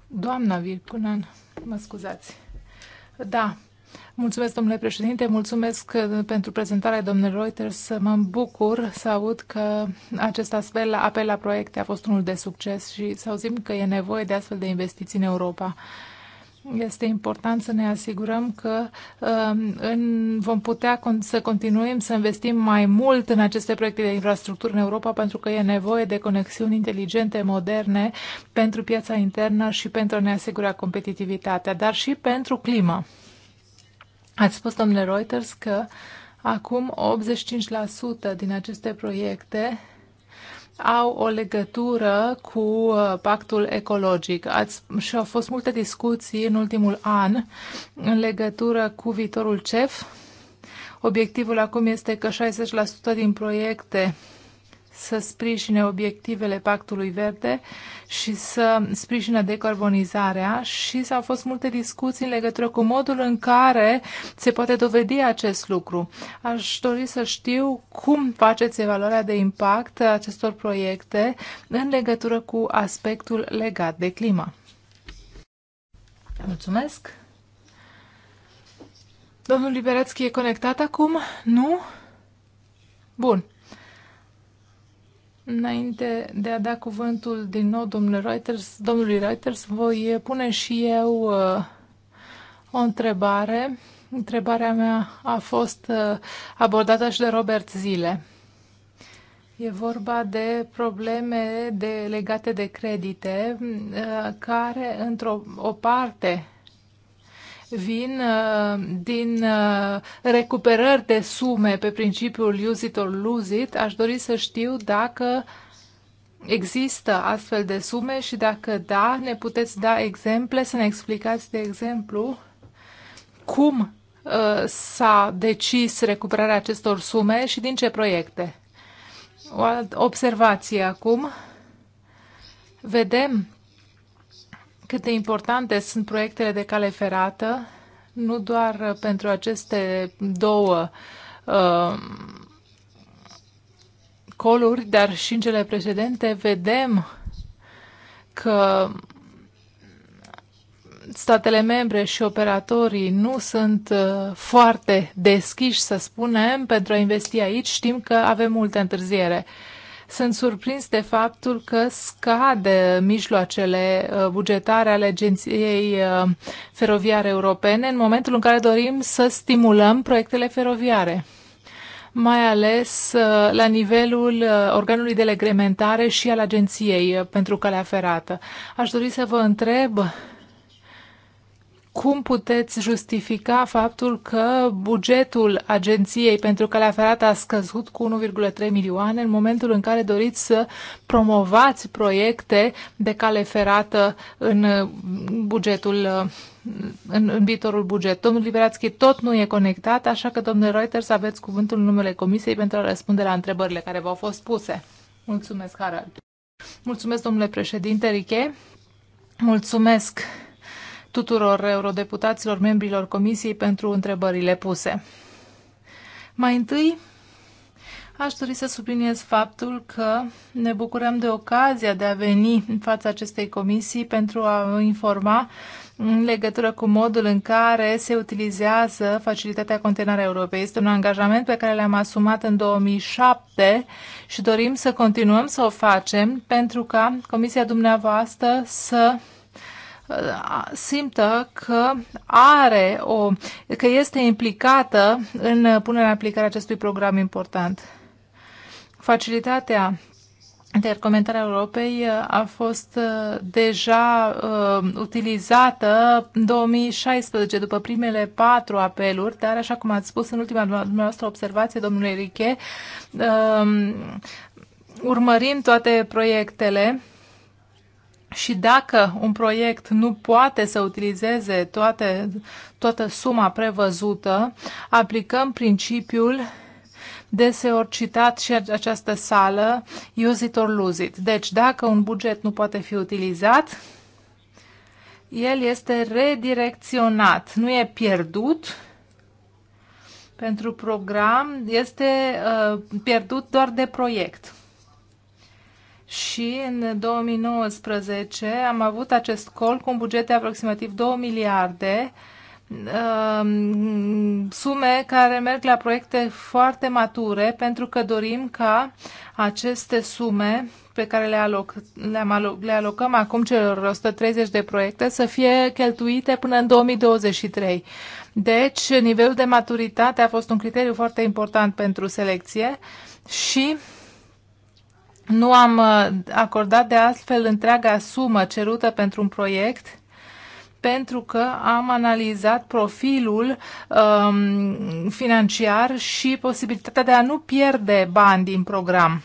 Doamna Vircunan, mă scuzați. Da, Mulțumesc, domnule președinte, mulțumesc uh, pentru prezentarea domnului Reuters. Mă bucur să aud că acest astfel apel la proiecte a fost unul de succes și să auzim că e nevoie de astfel de investiții în Europa. Este important să ne asigurăm că um, în, vom putea con- să continuăm să investim mai mult în aceste proiecte de infrastructură în Europa pentru că e nevoie de conexiuni inteligente, moderne pentru piața internă și pentru a ne asigura competitivitatea, dar și pentru climă. Ați spus, domnule Reuters, că acum 85% din aceste proiecte uh, au o legătură cu uh, pactul ecologic. Ați, și au fost multe discuții în ultimul an în legătură cu viitorul CEF. Obiectivul acum este că 60% din proiecte să sprijine obiectivele Pactului Verde și să sprijină decarbonizarea și s-au fost multe discuții în legătură cu modul în care se poate dovedi acest lucru. Aș dori să știu cum faceți evaluarea de impact a acestor proiecte în legătură cu aspectul legat de climă. Mulțumesc! Domnul Liberețchi e conectat acum? Nu? Bun. Înainte de a da cuvântul din nou domnului Reuters, domnului Reuters voi pune și eu uh, o întrebare. Întrebarea mea a fost uh, abordată și de Robert Zile. E vorba de probleme de, legate de credite, uh, care într-o o parte vin uh, din uh, recuperări de sume pe principiul use it or lose it, aș dori să știu dacă există astfel de sume și dacă da, ne puteți da exemple, să ne explicați de exemplu cum uh, s-a decis recuperarea acestor sume și din ce proiecte. O observație acum. Vedem cât de importante sunt proiectele de cale ferată, nu doar uh, pentru aceste două uh, coluri, dar și în cele precedente, vedem că statele membre și operatorii nu sunt uh, foarte deschiși, să spunem, pentru a investi aici. Știm că avem multă întârziere. Sunt surprins de faptul că scade mijloacele uh, bugetare ale Agenției uh, Feroviare Europene în momentul în care dorim să stimulăm proiectele feroviare mai ales uh, la nivelul organului de reglementare și al Agenției pentru Calea Ferată. Aș dori să vă întreb cum puteți justifica faptul că bugetul agenției pentru calea ferată a scăzut cu 1,3 milioane în momentul în care doriți să promovați proiecte de cale ferată în bugetul în, în viitorul buget. Domnul Liberațchi tot nu e conectat, așa că, domnule Reuters, aveți cuvântul în numele Comisiei pentru a răspunde la întrebările care v-au fost puse. Mulțumesc, Harald. Mulțumesc, domnule președinte Riche. Mulțumesc tuturor eurodeputaților, membrilor Comisiei pentru întrebările puse. Mai întâi, aș dori să subliniez faptul că ne bucurăm de ocazia de a veni în fața acestei comisii pentru a informa în legătură cu modul în care se utilizează facilitatea containare Europei. Este un angajament pe care l-am asumat în 2007 și dorim să continuăm să o facem pentru ca Comisia dumneavoastră să simtă că are o, că este implicată în punerea în aplicare acestui program important. Facilitatea Intercomentarea Europei uh, a fost uh, deja uh, utilizată în 2016, după primele patru apeluri, dar, așa cum ați spus în ultima dumneavoastră observație, domnule Riche, uh, urmărim toate proiectele și dacă un proiect nu poate să utilizeze toate, toată suma prevăzută, aplicăm principiul deseori citat și această sală, use it or lose it. Deci, dacă un buget nu poate fi utilizat, el este redirecționat, nu e pierdut pentru program, este uh, pierdut doar de proiect și în 2019 am avut acest col cu un buget de aproximativ 2 miliarde, um, sume care merg la proiecte foarte mature pentru că dorim ca aceste sume pe care le, aloc, le, aloc, le alocăm acum celor 130 de proiecte să fie cheltuite până în 2023. Deci, nivelul de maturitate a fost un criteriu foarte important pentru selecție și nu am uh, acordat de astfel întreaga sumă cerută pentru un proiect pentru că am analizat profilul um, financiar și posibilitatea de a nu pierde bani din program.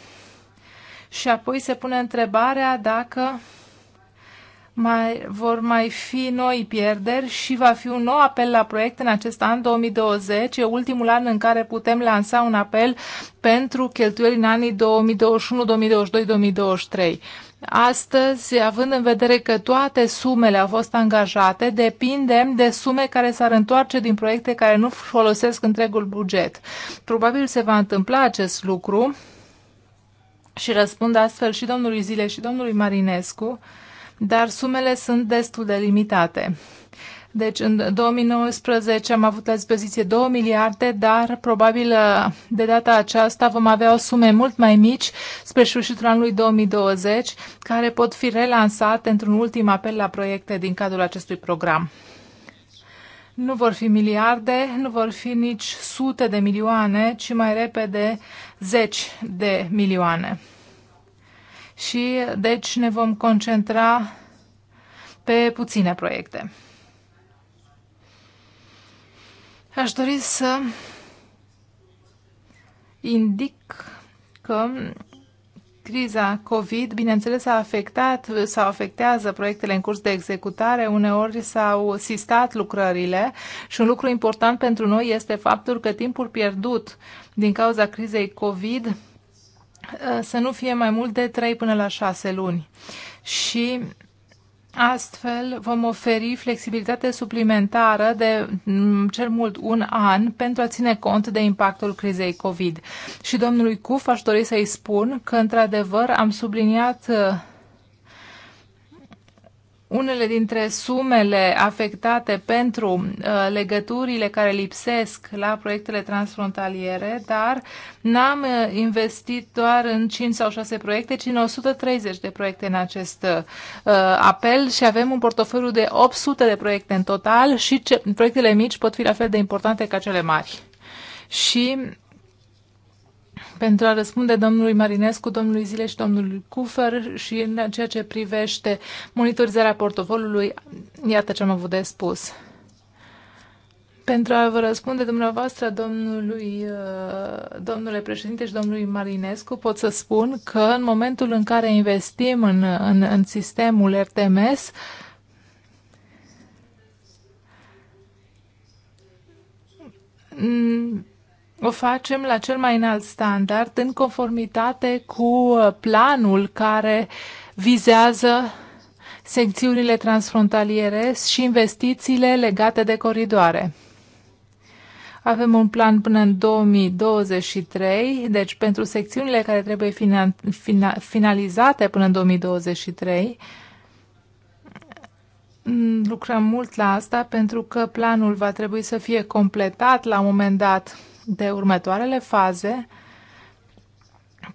Și apoi se pune întrebarea dacă mai, vor mai fi noi pierderi și va fi un nou apel la proiect în acest an 2020. E ultimul an în care putem lansa un apel pentru cheltuieli în anii 2021, 2022, 2023. Astăzi, având în vedere că toate sumele au fost angajate, depindem de sume care s-ar întoarce din proiecte care nu folosesc întregul buget. Probabil se va întâmpla acest lucru și răspund astfel și domnului Zile și domnului Marinescu dar sumele sunt destul de limitate. Deci în 2019 am avut la dispoziție 2 miliarde, dar probabil uh, de data aceasta vom avea o sume mult mai mici spre sfârșitul anului 2020, care pot fi relansate într-un ultim apel la proiecte din cadrul acestui program. Nu vor fi miliarde, nu vor fi nici sute de milioane, ci mai repede zeci de milioane și deci ne vom concentra pe puține proiecte. Aș dori să indic că criza COVID, bineînțeles, a afectat sau afectează proiectele în curs de executare, uneori s-au sistat lucrările și un lucru important pentru noi este faptul că timpul pierdut din cauza crizei COVID Eh, să nu fie mai mult de 3 până la 6 luni. Și Astfel, vom oferi flexibilitate suplimentară de mm, cel mult un an pentru a ține cont de impactul crizei COVID. Și domnului Cuf aș dori să-i spun că, într-adevăr, am subliniat eh, unele dintre sumele afectate pentru uh, legăturile care lipsesc la proiectele transfrontaliere, dar n-am uh, investit doar în 5 sau 6 proiecte, ci în 130 de proiecte în acest uh, apel și avem un portofoliu de 800 de proiecte în total și ce, proiectele mici pot fi la fel de importante ca cele mari. Și pentru a răspunde domnului Marinescu, domnului Zile și domnului Cufer și în ceea ce privește monitorizarea portofoliului, iată ce am avut de spus. Pentru a vă răspunde dumneavoastră, domnului, uh, domnule președinte și domnului Marinescu, pot să spun că în momentul în care investim în, în, în sistemul RTMS, în, o facem la cel mai înalt standard, în conformitate cu uh, planul care vizează secțiunile transfrontaliere și investițiile legate de coridoare. Avem un plan până în 2023, deci pentru secțiunile care trebuie finalizate până în 2023, mm, lucrăm mult la asta pentru că planul va trebui să fie completat la un moment dat de următoarele faze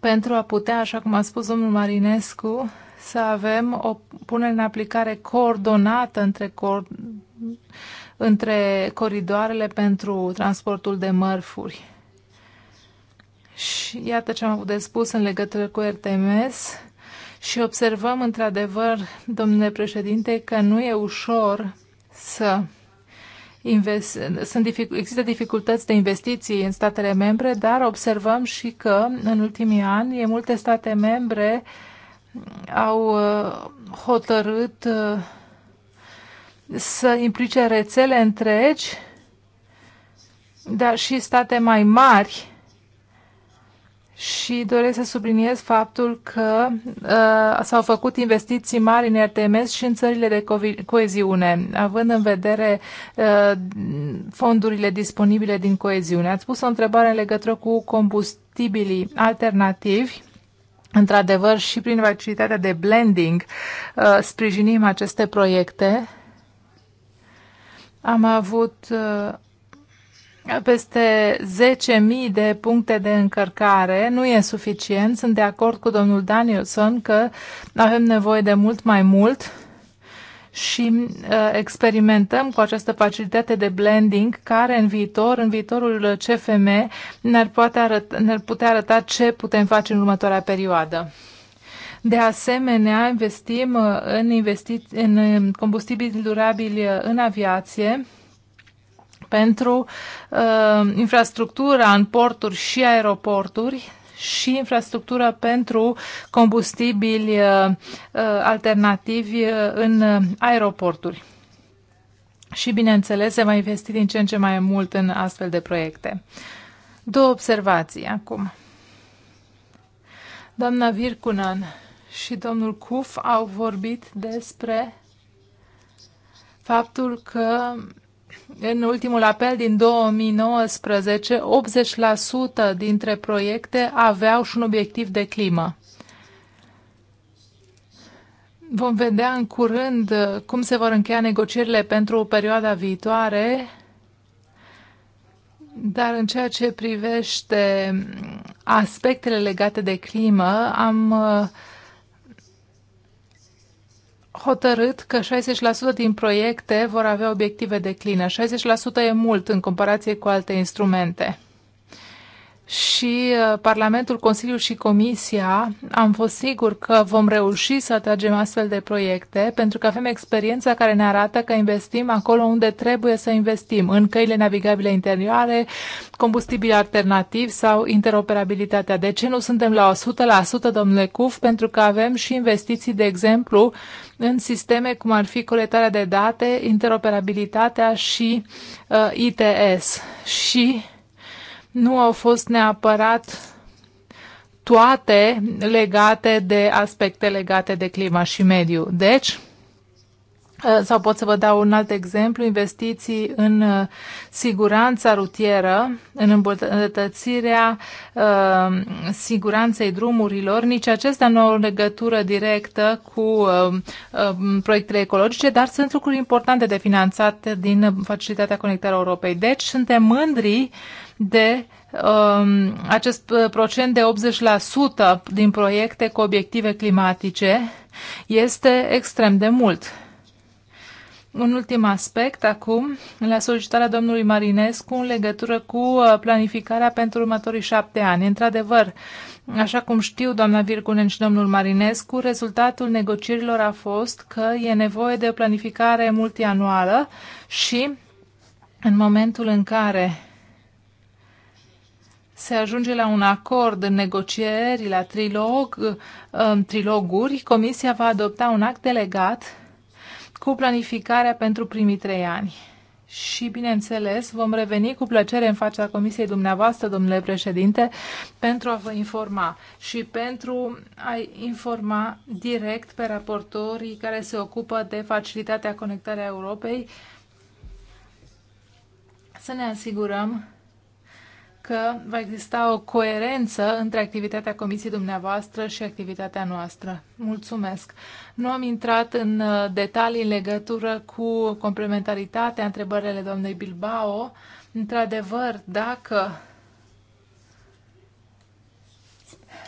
pentru a putea, așa cum a spus domnul Marinescu, să avem o punere în aplicare coordonată între, cor- între coridoarele pentru transportul de mărfuri. Și iată ce am avut de spus în legătură cu RTMS și observăm într-adevăr, domnule președinte, că nu e ușor să sunt dific, există dificultăți de investiții în statele membre, dar observăm și că în ultimii ani e multe state membre au uh, hotărât uh, să implice rețele întregi, dar și state mai mari și doresc să subliniez faptul că uh, s-au făcut investiții mari în RTMS și în țările de co coeziune, având în vedere uh, fondurile disponibile din coeziune. Ați pus o întrebare în legătură cu combustibilii alternativi. Într-adevăr, și prin facilitatea de blending uh, sprijinim aceste proiecte. Am avut uh, peste 10.000 de puncte de încărcare nu e suficient. Sunt de acord cu domnul Danielson că avem nevoie de mult mai mult și uh, experimentăm cu această facilitate de blending care în viitor, în viitorul CFM, ne-ar, poate arăta, ne-ar putea arăta ce putem face în următoarea perioadă. De asemenea, investim uh, în, investi- în uh, combustibili durabili uh, în aviație, pentru uh, infrastructura în porturi și aeroporturi și infrastructura pentru combustibili uh, uh alternativi uh, în aeroporturi. Și, bineînțeles, se va investi din ce în ce mai mult în astfel de proiecte. Două observații acum. Doamna Virkunan și domnul Cuf au vorbit despre faptul că în ultimul apel din 2019, 80% dintre proiecte aveau și un obiectiv de climă. Vom vedea în curând cum se vor încheia negocierile pentru perioada viitoare, dar în ceea ce privește aspectele legate de climă, am uh, hotărât că 60% din proiecte vor avea obiective de clină. 60% e mult în comparație cu alte instrumente. Și uh, Parlamentul, Consiliul și Comisia am fost sigur că vom reuși să atragem astfel de proiecte pentru că avem experiența care ne arată că investim acolo unde trebuie să investim, în căile navigabile interioare, combustibili alternativi sau interoperabilitatea. De ce nu suntem la 100%, domnule Cuf? Pentru că avem și investiții, de exemplu, în sisteme cum ar fi colectarea de date, interoperabilitatea și uh, ITS. Și nu au fost neapărat toate legate de aspecte legate de clima și mediu. Deci, Eh, sau pot să vă dau un alt exemplu, investiții în eh, siguranța rutieră, în îmbunătățirea eh, siguranței drumurilor. Nici acestea nu au legătură directă cu proiectele ecologice, dar sunt lucruri importante de finanțat din Facilitatea Conectării Europei. Deci suntem mândri de acest procent de 80% din proiecte cu obiective climatice este extrem de mult. Un ultim aspect acum, la solicitarea domnului Marinescu în legătură cu uh, planificarea pentru următorii șapte ani. Într-adevăr, așa cum știu doamna Virgunen și domnul Marinescu, rezultatul negocierilor a fost că e nevoie de o planificare multianuală și în momentul în care se ajunge la un acord în negocieri, la trilog, uh, triloguri, Comisia va adopta un act delegat cu planificarea pentru primii trei ani. Și, bineînțeles, vom reveni cu plăcere în fața Comisiei dumneavoastră, domnule președinte, pentru a vă informa și pentru a informa direct pe raportorii care se ocupă de facilitatea conectarea Europei, să ne asigurăm că va exista o coerență între activitatea comisiei dumneavoastră și activitatea noastră. Mulțumesc! Nu am intrat în uh, detalii în legătură cu complementaritatea întrebările doamnei Bilbao. Într-adevăr, dacă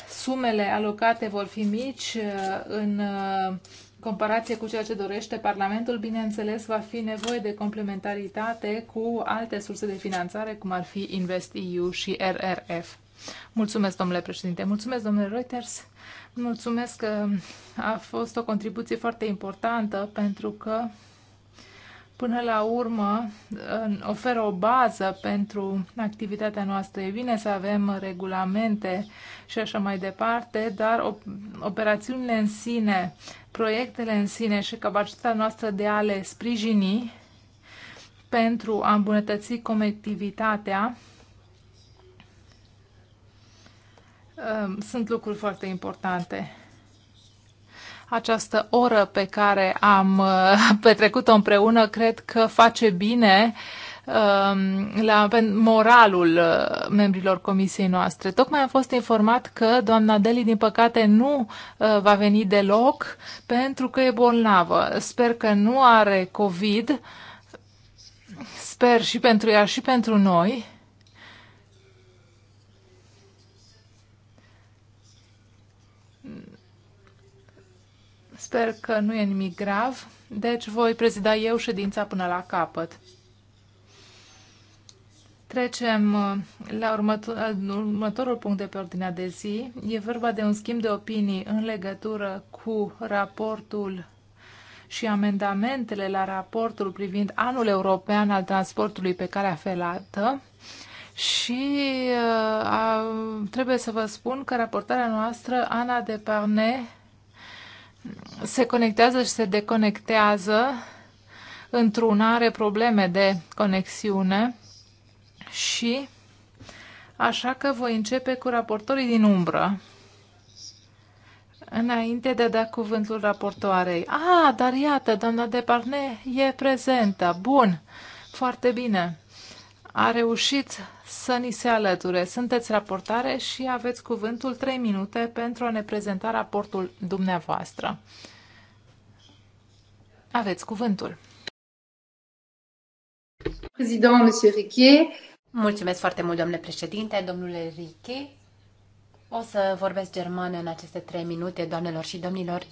sumele alocate vor fi mici uh, în uh, comparație cu ceea ce dorește Parlamentul, bineînțeles, va fi nevoie de complementaritate cu alte surse de finanțare, cum ar fi InvestEU și RRF. Mulțumesc, domnule președinte. Mulțumesc, domnule Reuters. Mulțumesc că a fost o contribuție foarte importantă pentru că până la urmă oferă o bază pentru activitatea noastră. E bine să avem regulamente și așa mai departe, dar operațiunile în sine, proiectele în sine și capacitatea noastră de a le sprijini pentru a îmbunătăți conectivitatea ă, sunt lucruri foarte importante. Această oră pe care am uh, petrecut-o împreună cred că face bine um, la moralul uh, membrilor comisiei noastre. Tocmai am fost informat că doamna Deli, din păcate, nu uh, va veni deloc pentru că e bolnavă. Sper că nu are COVID. Sper și pentru ea și pentru noi. Sper că nu e nimic grav, deci voi prezida eu ședința până la capăt. Trecem uh, la următor, uh, următorul punct de pe ordinea de zi. E vorba de un schimb de opinii în legătură cu raportul și amendamentele la raportul privind anul european al transportului pe calea felată. Și uh, a, trebuie să vă spun că raportarea noastră, Ana de Parne, se conectează și se deconectează într un are probleme de conexiune și așa că voi începe cu raportorii din umbră. Înainte de a da cuvântul raportoarei. A, ah, dar iată, doamna Parne e prezentă. Bun, foarte bine. A reușit să ni se alăture. Sunteți raportare și aveți cuvântul 3 minute pentru a ne prezenta raportul dumneavoastră. Aveți cuvântul. Président, Monsieur Riquet. Mulțumesc foarte mult, domnule președinte, domnule Riquet. O să vorbesc germană în aceste trei minute, doamnelor și domnilor. Uh,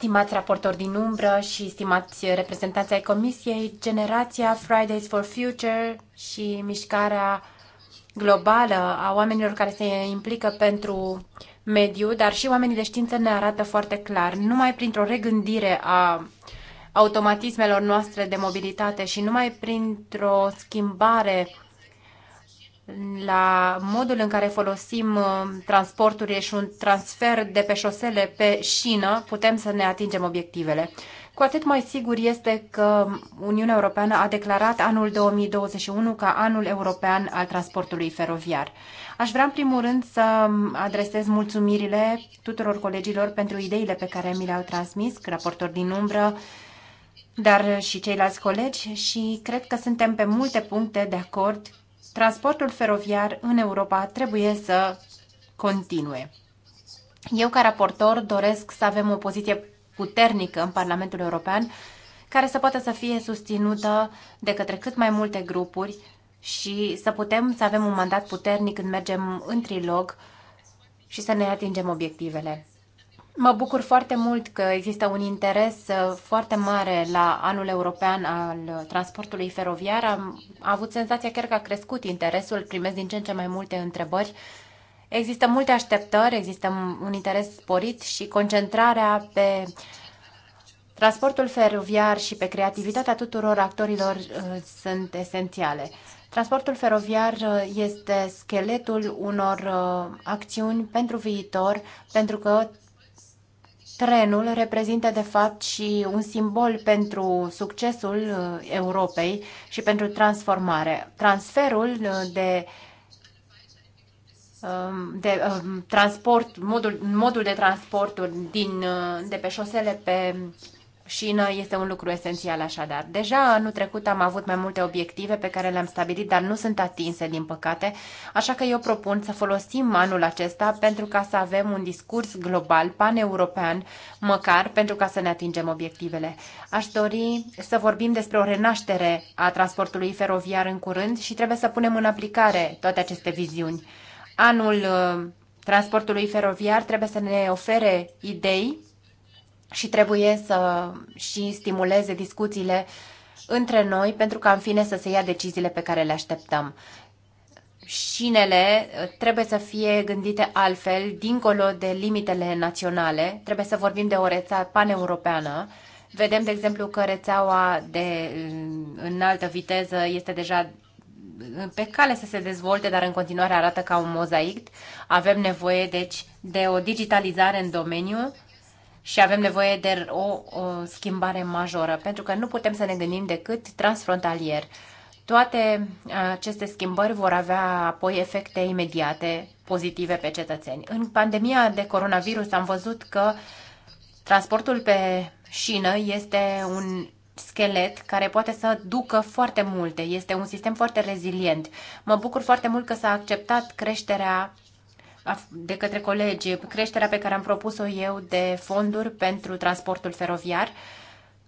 Stimați raportori din umbră și stimați reprezentanții ai Comisiei, generația Fridays for Future și mișcarea globală a oamenilor care se implică pentru mediu, dar și oamenii de știință ne arată foarte clar. Numai printr-o regândire a automatismelor noastre de mobilitate și numai printr-o schimbare la modul în care folosim uh, transporturile și un transfer de pe șosele pe șină, putem să ne atingem obiectivele. Cu atât mai sigur este că Uniunea Europeană a declarat anul 2021 ca anul european al transportului feroviar. Aș vrea în primul rând să adresez mulțumirile tuturor colegilor pentru ideile pe care mi le-au transmis, raportori din umbră, dar și ceilalți colegi și cred că suntem pe multe puncte de acord transportul feroviar în Europa trebuie să continue. Eu, ca raportor, doresc să avem o poziție puternică în Parlamentul European, care să poată să fie susținută de către cât mai multe grupuri și să putem să avem un mandat puternic când mergem în trilog și să ne atingem obiectivele. Mă bucur foarte mult că există un interes uh, foarte mare la anul european al transportului feroviar. Am avut senzația chiar că a crescut interesul, primesc din ce în ce mai multe întrebări. Există multe așteptări, există un interes sporit și concentrarea pe transportul feroviar și pe creativitatea tuturor actorilor uh, sunt esențiale. Transportul feroviar uh, este scheletul unor acțiuni pentru viitor, pentru că Trenul reprezintă de fapt și un simbol pentru succesul uh, Europei și pentru transformare. Transferul uh, de um, de um, transport, modul, modul de transport din, uh, de pe șosele pe și șină este un lucru esențial așadar. Deja anul trecut am avut mai multe obiective pe care le-am stabilit, dar nu sunt atinse, din păcate, așa că eu propun să folosim anul acesta pentru ca să avem un discurs global, pan-european, măcar pentru ca să ne atingem obiectivele. Aș dori să vorbim despre o renaștere a transportului feroviar în curând și trebuie să punem în aplicare toate aceste viziuni. Anul uh, transportului feroviar trebuie să ne ofere idei și trebuie să și stimuleze discuțiile între noi pentru ca în fine să se ia deciziile pe care le așteptăm. Șinele uh, trebuie să fie gândite altfel, dincolo de limitele naționale. Trebuie să vorbim de o rețea paneuropeană. Vedem, de exemplu, că rețeaua de uh, înaltă viteză este deja uh, pe cale să se dezvolte, dar în continuare arată ca un mozaic. Avem nevoie, deci, de o digitalizare în domeniu și avem nevoie de o, o schimbare majoră, pentru că nu putem să ne gândim decât transfrontalier. Toate uh, aceste schimbări vor avea apoi efecte imediate pozitive pe cetățeni. În pandemia de coronavirus am văzut că transportul pe șină este un schelet care poate să ducă foarte multe. Este un sistem foarte rezilient. Mă bucur foarte mult că s-a acceptat creșterea de către colegi creșterea pe care am propus-o eu de fonduri pentru transportul feroviar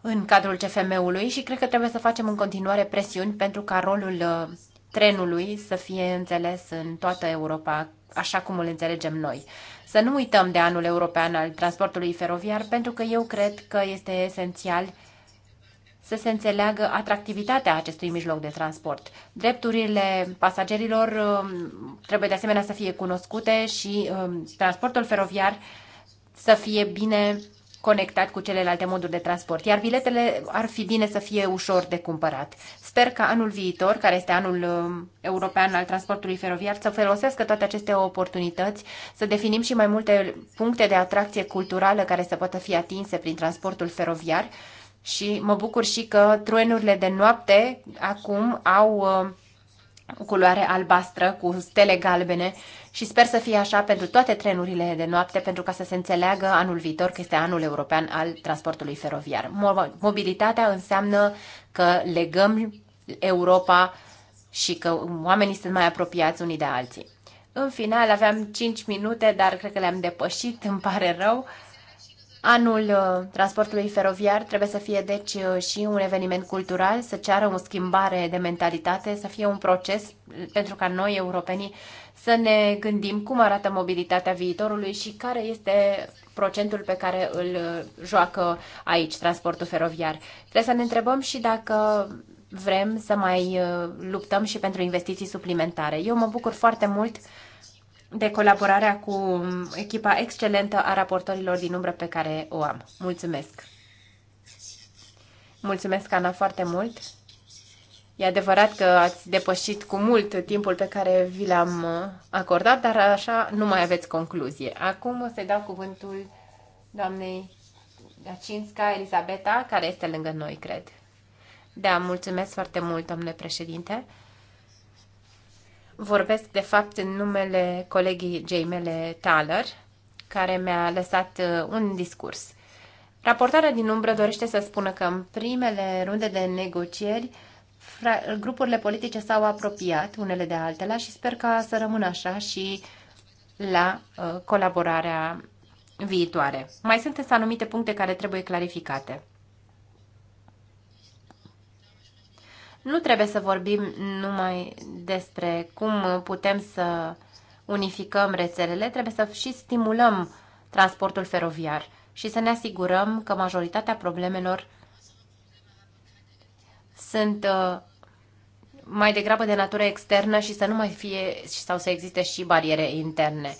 în cadrul CFM-ului și cred că trebuie să facem în continuare presiuni pentru ca rolul uh, trenului să fie înțeles în toată Europa așa cum îl înțelegem noi. Să nu uităm de anul european al transportului feroviar pentru că eu cred că este esențial să se înțeleagă atractivitatea acestui mijloc de transport. Drepturile pasagerilor um, trebuie de asemenea să fie cunoscute și um, transportul feroviar să fie bine conectat cu celelalte moduri de transport, iar biletele ar fi bine să fie ușor de cumpărat. Sper că anul viitor, care este anul um, european al transportului feroviar, să folosească toate aceste oportunități, să definim și mai multe puncte de atracție culturală care să poată fi atinse prin transportul feroviar și mă bucur și că truenurile de noapte acum au uh, o culoare albastră cu stele galbene și sper să fie așa pentru toate trenurile de noapte pentru ca să se înțeleagă anul viitor că este anul european al transportului feroviar. Mobilitatea înseamnă că legăm Europa și că oamenii sunt mai apropiați unii de alții. În final aveam 5 minute, dar cred că le-am depășit, îmi pare rău. Anul uh, transportului feroviar trebuie să fie deci uh, și un eveniment cultural, să ceară o schimbare de mentalitate, să fie un proces pentru ca noi, europenii, să ne gândim cum arată mobilitatea viitorului și care este procentul pe care îl uh, joacă aici transportul feroviar. Trebuie să ne întrebăm și dacă vrem să mai luptăm și pentru investiții suplimentare. Eu mă bucur foarte mult de colaborarea cu echipa excelentă a raportorilor din umbră pe care o am. Mulțumesc! Mulțumesc, Ana, foarte mult! E adevărat că ați depășit cu mult timpul pe care vi l-am uh, acordat, dar așa nu mai aveți concluzie. Acum o să-i dau cuvântul doamnei Gacinska Elisabeta, care este lângă noi, cred. Da, mulțumesc foarte mult, domnule președinte vorbesc de fapt în numele colegii Jamele Thaler, care mi-a lăsat uh, un discurs. Raportarea din umbră dorește să spună că în primele runde de negocieri grupurile politice s-au apropiat unele de altele și sper ca să rămână așa și la uh, colaborarea viitoare. Mai sunt însă anumite puncte care trebuie clarificate. Nu trebuie să vorbim numai despre cum putem să unificăm rețelele, trebuie să și stimulăm transportul feroviar și să ne asigurăm că majoritatea problemelor sunt uh, mai degrabă de natură externă și să nu mai fie sau să existe și bariere interne.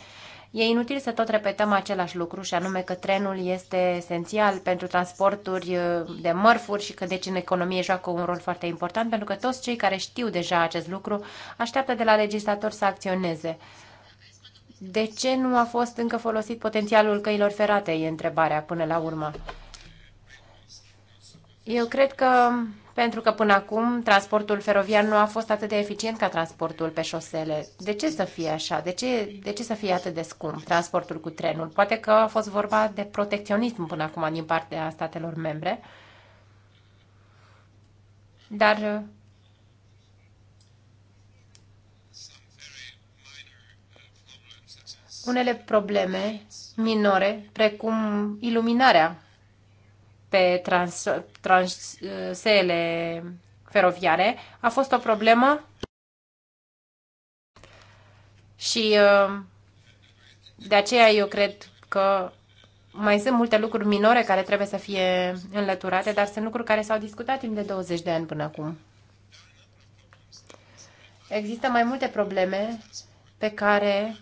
E inutil să tot repetăm același lucru și anume că trenul este esențial pentru transporturi uh, de mărfuri și că deci în economie joacă un rol foarte important pentru că toți cei care știu deja acest lucru așteaptă de la legislator să acționeze. De ce nu a fost încă folosit potențialul căilor ferate, e întrebarea până la urmă. Eu cred că pentru că până acum transportul feroviar nu a fost atât de eficient ca transportul pe șosele. De ce să fie așa? De ce, de ce să fie atât de scump transportul cu trenul? Poate că a fost vorba de protecționism până acum din partea statelor membre, dar uh, unele probleme minore, precum iluminarea pe trans, transele feroviare a fost o problemă și uh, de aceea eu cred că mai sunt multe lucruri minore care trebuie să fie înlăturate, dar sunt lucruri care s-au discutat timp de 20 de ani până acum. Există mai multe probleme pe care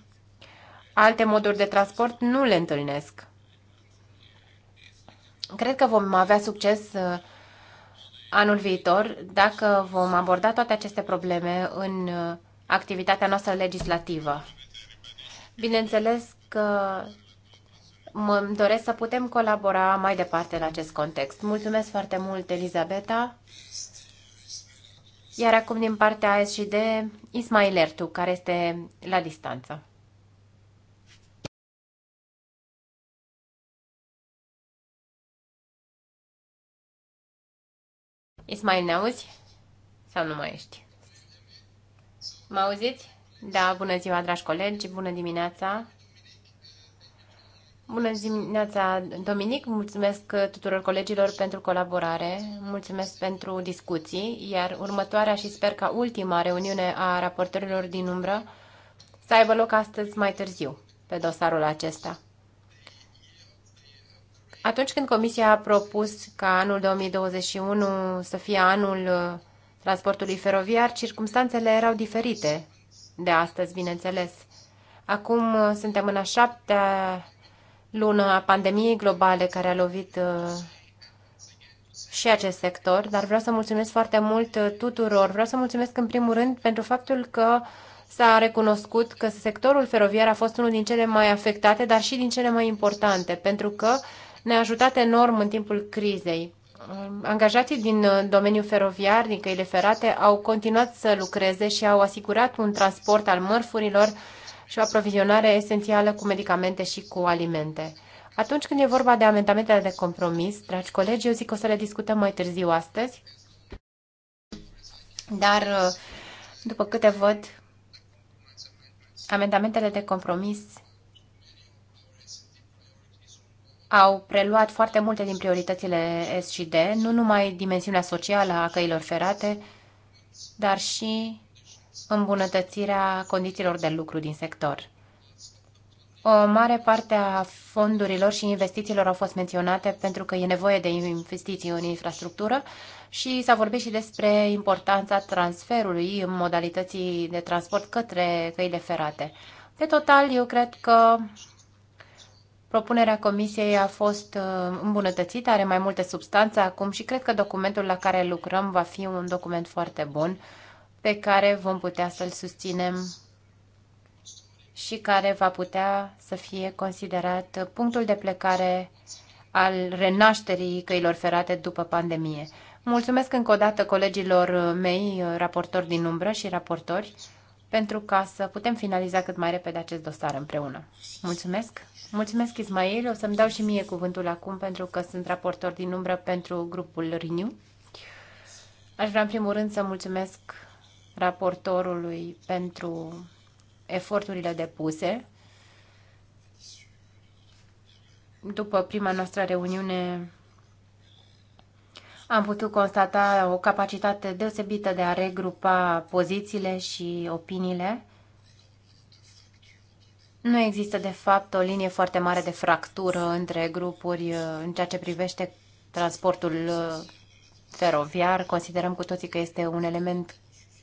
alte moduri de transport nu le întâlnesc. Cred că vom avea succes uh, anul viitor dacă vom aborda toate aceste probleme în uh, activitatea noastră legislativă. Bineînțeles că mă doresc să putem colabora mai departe în acest context. Mulțumesc foarte mult, Elizabeta. Iar acum din partea SD, Ismail Ertu, care este la distanță. Ismail, ne auzi? Sau nu mai ești? Mă auziți? Da, bună ziua, dragi colegi, bună dimineața. Bună dimineața, Dominic. Mulțumesc tuturor colegilor pentru colaborare, mulțumesc pentru discuții, iar următoarea și sper ca ultima reuniune a raportorilor din umbră să aibă loc astăzi mai târziu pe dosarul acesta. Atunci când Comisia a propus ca anul 2021 să fie anul uh, transportului feroviar, circumstanțele erau diferite de astăzi, bineînțeles. Acum uh, suntem în a șaptea lună a pandemiei globale care a lovit uh, și acest sector, dar vreau să mulțumesc foarte mult tuturor. Vreau să mulțumesc în primul rând pentru faptul că s-a recunoscut că sectorul feroviar a fost unul din cele mai afectate, dar și din cele mai importante, pentru că uh, ne-a ajutat enorm în timpul crizei. Angajații din uh, domeniul feroviar, din căile ferate, au continuat să lucreze și au asigurat un transport al mărfurilor și o aprovizionare esențială cu medicamente și cu alimente. Atunci când e vorba de amendamentele de compromis, dragi colegi, eu zic că o să le discutăm mai târziu astăzi, dar uh, după câte văd, amendamentele de compromis au preluat foarte multe din prioritățile S și D, nu numai dimensiunea socială a căilor ferate, dar și îmbunătățirea condițiilor de lucru din sector. O mare parte a fondurilor și investițiilor au fost menționate pentru că e nevoie de investiții în infrastructură și s-a vorbit și despre importanța transferului în modalității de transport către căile ferate. Pe total, eu cred că Propunerea comisiei a fost uh, îmbunătățită, are mai multe substanțe acum și cred că documentul la care lucrăm va fi un document foarte bun pe care vom putea să-l susținem și care va putea să fie considerat punctul de plecare al renașterii căilor ferate după pandemie. Mulțumesc încă o dată colegilor mei, raportori din umbră și raportori, pentru ca să putem finaliza cât mai repede acest dosar împreună. Mulțumesc! Mulțumesc, Ismail. O să-mi dau și mie cuvântul acum pentru că sunt raportor din umbră pentru grupul Renew. Aș vrea în primul rând să mulțumesc raportorului pentru eforturile depuse. După prima noastră reuniune am putut constata o capacitate deosebită de a regrupa pozițiile și opiniile nu există, de fapt, o linie foarte mare de fractură între grupuri uh, în ceea ce privește transportul uh, feroviar. Considerăm cu toții că este un element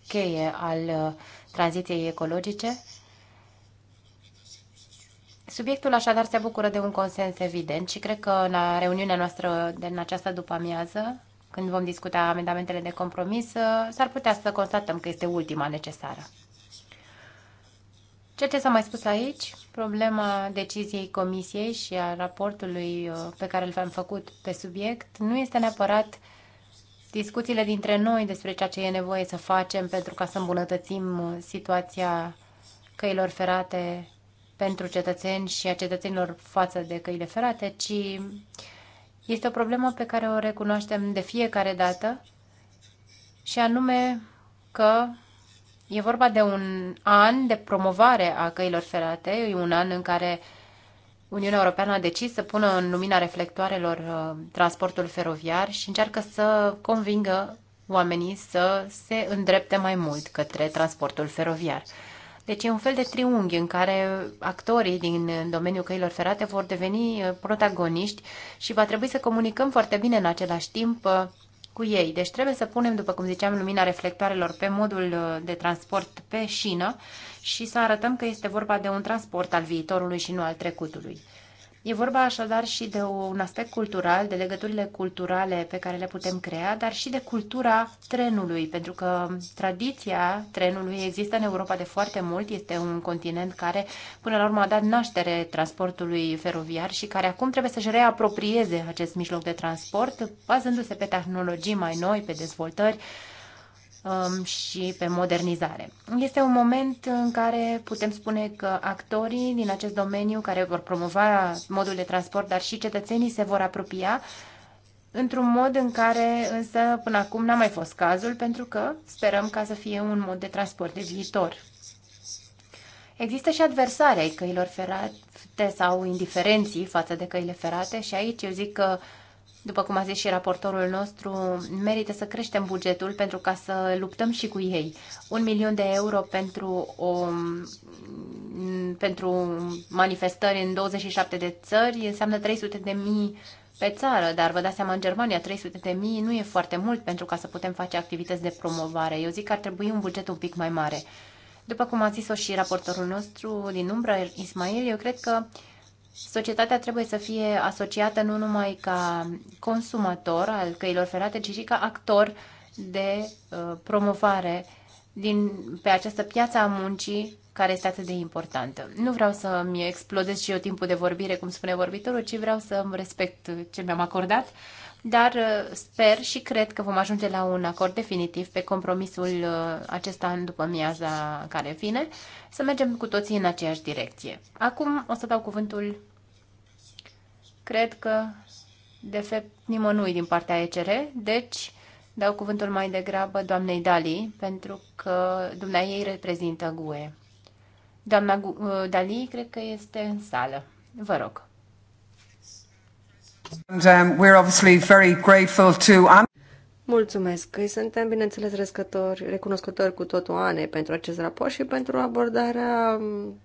cheie al uh, tranziției ecologice. Subiectul așadar se bucură de un consens evident și cred că la reuniunea noastră din această după-amiază, când vom discuta amendamentele de compromis, s-ar putea să constatăm că este ultima necesară. Ceea ce s-a mai spus aici, problema deciziei comisiei și a raportului uh, pe care l-am făcut pe subiect, nu este neapărat discuțiile dintre noi despre ceea ce e nevoie să facem pentru ca să îmbunătățim uh, situația căilor ferate pentru cetățeni și a cetățenilor față de căile ferate, ci este o problemă pe care o recunoaștem de fiecare dată și anume că E vorba de un an de promovare a căilor ferate, e un an în care Uniunea Europeană a decis să pună în lumina reflectoarelor uh, transportul feroviar și încearcă să convingă oamenii să se îndrepte mai mult către transportul feroviar. Deci e un fel de triunghi în care actorii din domeniul căilor ferate vor deveni uh, protagoniști și va trebui să comunicăm foarte bine în același timp uh, cu ei. Deci trebuie să punem, după cum ziceam, lumina reflectoarelor pe modul uh, de transport pe șină și să arătăm că este vorba de un transport al viitorului și nu al trecutului. E vorba așadar și de un aspect cultural, de legăturile culturale pe care le putem crea, dar și de cultura trenului, pentru că tradiția trenului există în Europa de foarte mult, este un continent care până la urmă a dat naștere transportului feroviar și care acum trebuie să-și reaproprieze acest mijloc de transport, bazându-se pe tehnologii mai noi, pe dezvoltări, Um, și pe modernizare. Este un moment în care putem spune că actorii din acest domeniu care vor promova modul de transport, dar și cetățenii se vor apropia într-un mod în care însă până acum n-a mai fost cazul pentru că sperăm ca să fie un mod de transport de viitor. Există și adversarei căilor ferate sau indiferenții față de căile ferate și aici eu zic că uh, după cum a zis și raportorul nostru, merită să creștem bugetul pentru ca să luptăm și cu ei. Un milion de euro pentru, o, pentru manifestări în 27 de țări înseamnă 300 de mii pe țară, dar vă dați seama, în Germania 300 de mii nu e foarte mult pentru ca să putem face activități de promovare. Eu zic că ar trebui un buget un pic mai mare. După cum a zis-o și raportorul nostru din umbră, Ismail, eu cred că uh, societatea trebuie să fie asociată nu numai ca consumator al căilor ferate, ci și ca actor de uh, promovare din, pe această piață a muncii care este atât de importantă. Nu vreau să-mi explodez și eu timpul de vorbire, cum spune vorbitorul, ci vreau să mi respect ce mi-am acordat dar uh, sper și cred că vom ajunge la un acord definitiv pe compromisul uh, acesta în după miaza care vine, să mergem cu toții în aceeași direcție. Acum o să dau cuvântul, cred că, de fapt, nimănui din partea ECR, deci dau cuvântul mai degrabă doamnei Dali, pentru că dumnea ei reprezintă GUE. Doamna uh, Dali, cred că este în sală. Vă rog. Um, Mulțumesc. Îi suntem, bineînțeles, răscători, recunoscători cu totul Ane pentru acest raport și pentru abordarea um,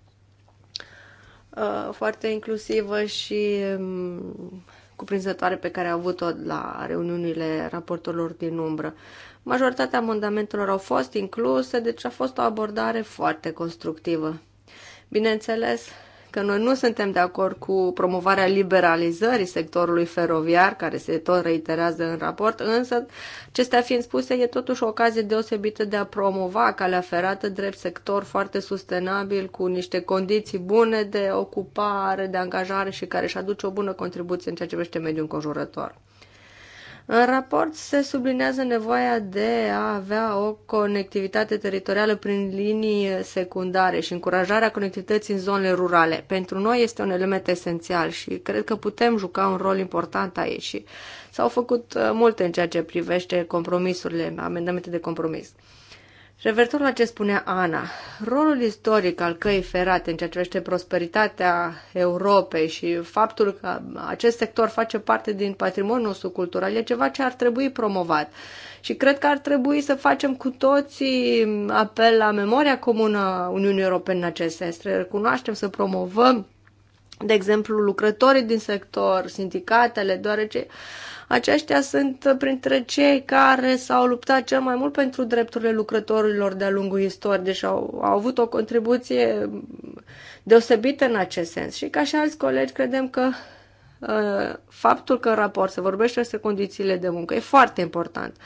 uh, foarte inclusivă și um, cuprinzătoare pe care a avut-o la reuniunile raportorilor din umbră. Majoritatea amendamentelor au fost incluse, deci a fost o abordare foarte constructivă. Bineînțeles, că noi nu suntem de acord cu promovarea liberalizării sectorului feroviar, care se tot reiterează în raport, însă, acestea fiind spuse, e totuși o ocazie deosebită de a promova calea ferată drept sector foarte sustenabil, cu niște condiții bune de ocupare, de angajare și care își aduce o bună contribuție în ceea ce privește mediul înconjurător. În raport se sublinează nevoia de a avea o conectivitate teritorială prin linii secundare și încurajarea conectivității în zonele rurale. Pentru noi este un element esențial și cred că putem juca un rol important aici. s-au făcut uh, multe în ceea ce privește compromisurile, amendamente de compromis. Revertor la ce spunea Ana, rolul istoric al căii ferate în ceea ce privește prosperitatea Europei și faptul că acest sector face parte din patrimoniul nostru cultural e ceva ce ar trebui promovat. Și cred că ar trebui să facem cu toții apel la memoria comună a Uniunii Europene în acest sens. recunoaștem să promovăm de exemplu, lucrătorii din sector, sindicatele, deoarece aceștia sunt printre cei care s-au luptat cel mai mult pentru drepturile lucrătorilor de-a lungul istoriei, deci au, au avut o contribuție deosebită în acest sens. Și ca și alți colegi, credem că uh, faptul că în raport se vorbește despre condițiile de muncă e foarte important. Uh,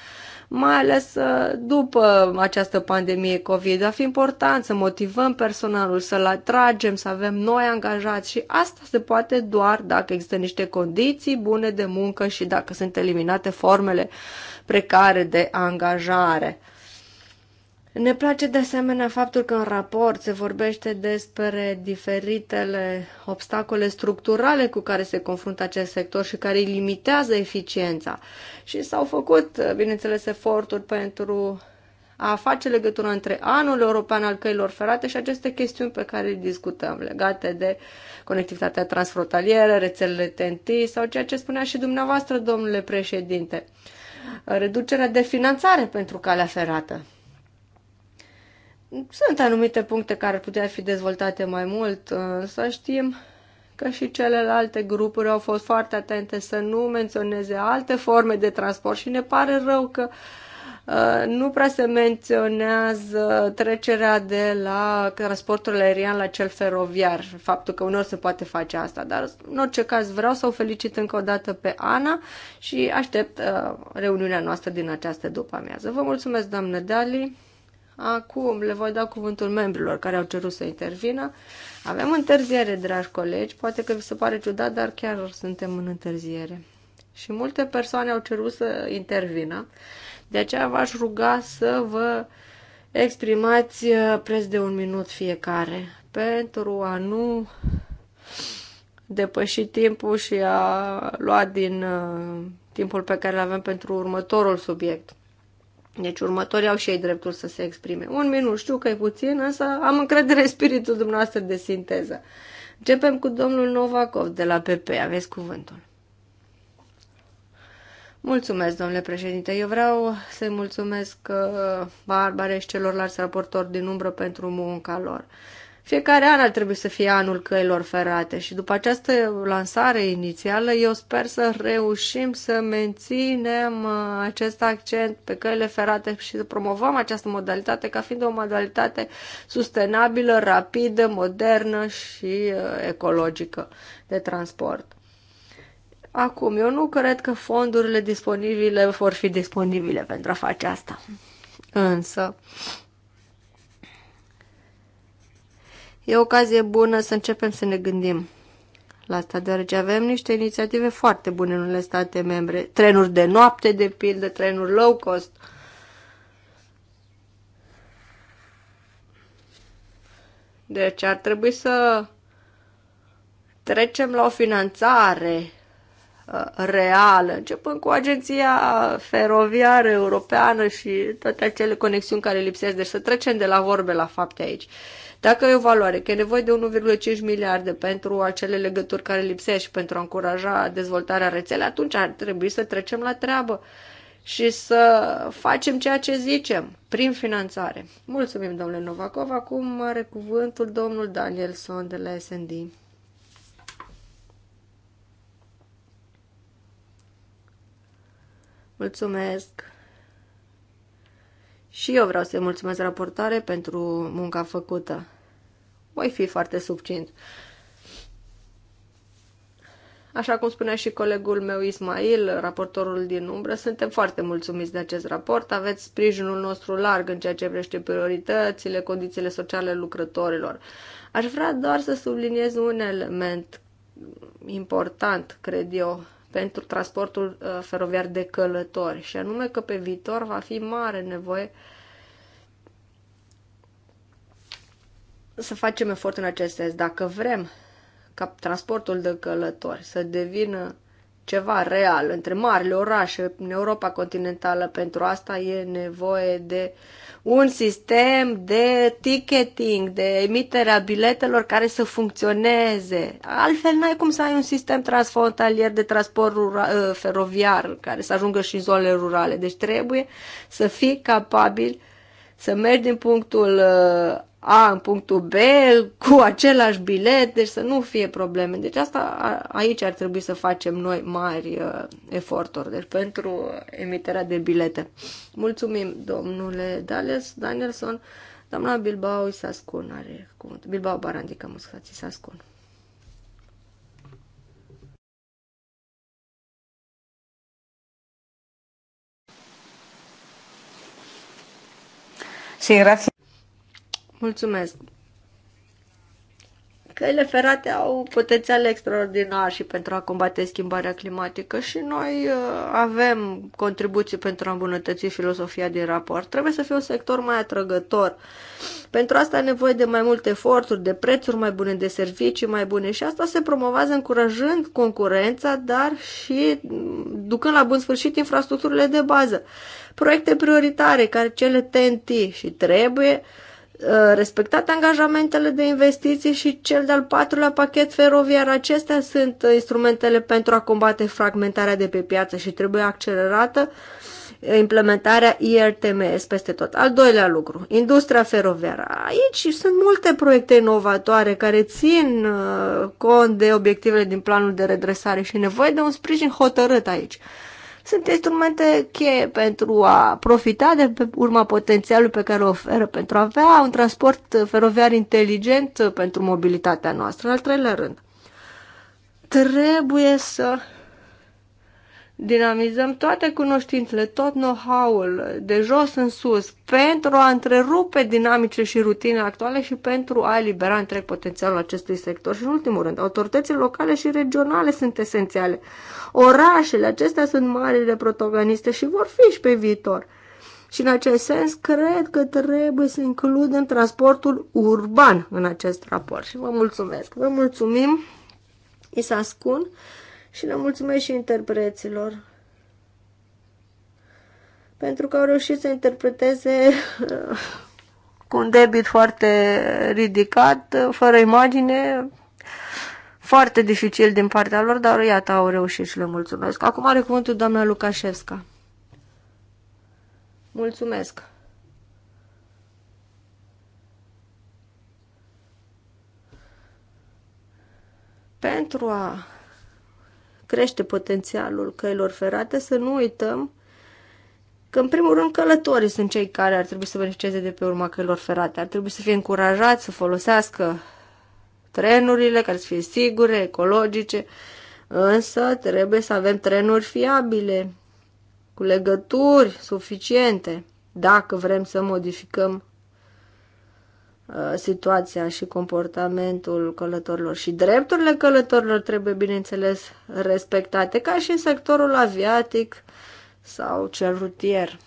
mai ales uh, după această pandemie COVID. Va fi important să motivăm personalul, să-l atragem, să avem noi angajați și asta se poate doar dacă există niște condiții bune de muncă și dacă sunt eliminate formele precare de angajare. Ne place de asemenea faptul că în raport se vorbește despre diferitele obstacole structurale cu care se confruntă acest sector și care îi limitează eficiența. Și s-au făcut, bineînțeles, eforturi pentru a face legătura între anul european al căilor ferate și aceste chestiuni pe care le discutăm, legate de conectivitatea transfrontalieră, rețelele TNT sau ceea ce spunea și dumneavoastră, domnule președinte, reducerea de finanțare pentru calea ferată. Sunt anumite puncte care ar putea fi dezvoltate mai mult, uh, să știm că și celelalte grupuri au fost foarte atente să nu menționeze alte forme de transport și ne pare rău că uh, nu prea se menționează trecerea de la transportul aerian la cel feroviar, faptul că unor se poate face asta, dar în orice caz vreau să o felicit încă o dată pe Ana și aștept uh, reuniunea noastră din această după amiază. Vă mulțumesc, doamnă Dali! Acum le voi da cuvântul membrilor care au cerut să intervină. Avem întârziere, dragi colegi, poate că vi se pare ciudat, dar chiar suntem în întârziere. Și multe persoane au cerut să intervină, de aceea v-aș ruga să vă exprimați uh, preț de un minut fiecare pentru a nu depăși timpul și a lua din uh, timpul pe care îl avem pentru următorul subiect. Deci următorii au și ei dreptul să se exprime. Un minut, știu că e puțin, însă am încredere în spiritul dumneavoastră de sinteză. Începem cu domnul Novakov de la PP. Aveți cuvântul. Mulțumesc, domnule președinte. Eu vreau să-i mulțumesc uh, Barbare și celorlalți raportori din umbră pentru munca lor. Fiecare an ar trebui să fie anul căilor ferate și după această lansare inițială eu sper să reușim să menținem uh, acest accent pe căile ferate și să promovăm această modalitate ca fiind o modalitate sustenabilă, rapidă, modernă și uh, ecologică de transport. Acum, eu nu cred că fondurile disponibile vor fi disponibile pentru a face asta. Însă, e o ocazie bună să începem să ne gândim la asta, deoarece avem niște inițiative foarte bune în unele state membre. Trenuri de noapte, de pildă, trenuri low cost. Deci ar trebui să trecem la o finanțare uh, reală, începând cu Agenția Feroviară Europeană și toate acele conexiuni care lipsesc. Deci să trecem de la vorbe la fapte aici. Dacă e o valoare, că e nevoie de 1,5 miliarde pentru acele legături care lipsești pentru a încuraja dezvoltarea rețelei, atunci ar trebui să trecem la treabă și să facem ceea ce zicem prin finanțare. Mulțumim, domnule Novakov. Acum are cuvântul domnul Danielson de la SND. Mulțumesc! Și eu vreau să-i mulțumesc raportare pentru munca făcută. Voi fi foarte subțint. Așa cum spunea și colegul meu Ismail, raportorul din umbră, suntem foarte mulțumiți de acest raport. Aveți sprijinul nostru larg în ceea ce vrește prioritățile, condițiile sociale lucrătorilor. Aș vrea doar să subliniez un element important, cred eu, pentru transportul uh, feroviar de călători, și anume că pe viitor va fi mare nevoie uh, să facem efort în acest sens. Dacă vrem ca transportul de călători să devină ceva real între marile orașe în Europa continentală, pentru asta e nevoie de un sistem de ticketing, de emiterea biletelor care să funcționeze. Altfel n-ai cum să ai un sistem transfrontalier de transport rural, uh, feroviar care să ajungă și în zonele rurale. Deci trebuie să fii capabil uh, să mergi din punctul uh, A în punctul B cu același bilet, deci să nu fie probleme. Deci asta aici ar trebui să facem noi mari uh, eforturi, deci pentru uh, emiterea de bilete. Mulțumim, domnule Dales Danielson. Doamna Bilbao Isascun are cuvântul. Bilbao Barandica Muscați Isascun. Sí, gracias. Mulțumesc. Căile ferate au potențial extraordinar și pentru a combate schimbarea climatică și noi uh, avem contribuții pentru a îmbunătăți filosofia din raport. Trebuie să fie un sector mai atrăgător. Pentru asta ai nevoie de mai multe eforturi, de prețuri mai bune, de servicii mai bune și asta se promovează încurajând concurența, dar și mm, ducând la bun sfârșit infrastructurile de bază proiecte prioritare, care cele TNT și trebuie uh, respectate angajamentele de investiții și cel de-al patrulea pachet feroviar. Acestea sunt instrumentele pentru a combate fragmentarea de pe piață și trebuie accelerată implementarea IRTMS peste tot. Al doilea lucru, industria feroviară. Aici sunt multe proiecte inovatoare care țin uh, cont de obiectivele din planul de redresare și nevoie de un sprijin hotărât aici sunt instrumente cheie pentru a profita de pe urma potențialului pe care o oferă, pentru a avea un transport feroviar inteligent pentru mobilitatea noastră. În al treilea rând, trebuie să dinamizăm toate cunoștințele, tot know-how-ul de jos în sus pentru a întrerupe dinamice și rutine actuale și pentru a elibera întreg potențialul acestui sector. Și în ultimul rând, autoritățile locale și regionale sunt esențiale Orașele acestea sunt marile protagoniste și vor fi și pe viitor. Și în acest sens, cred că trebuie să includem transportul urban în acest raport. Și vă mulțumesc. Vă mulțumim, Isascun, și le mulțumesc și interpreților pentru că au reușit să interpreteze uh, cu un debit foarte ridicat, uh, fără imagine, foarte dificil din partea lor, dar iată, au reușit și le mulțumesc. Acum are cuvântul doamna Lucașesca. Mulțumesc! Pentru a crește potențialul căilor ferate, să nu uităm că, în primul rând, călătorii sunt cei care ar trebui să beneficieze de pe urma căilor ferate. Ar trebui să fie încurajați să folosească trenurile care să fie sigure, ecologice, însă trebuie să avem trenuri fiabile, cu legături suficiente, dacă vrem să modificăm uh, situația și comportamentul călătorilor și drepturile călătorilor trebuie, bineînțeles, respectate, ca și în sectorul aviatic sau cel rutier.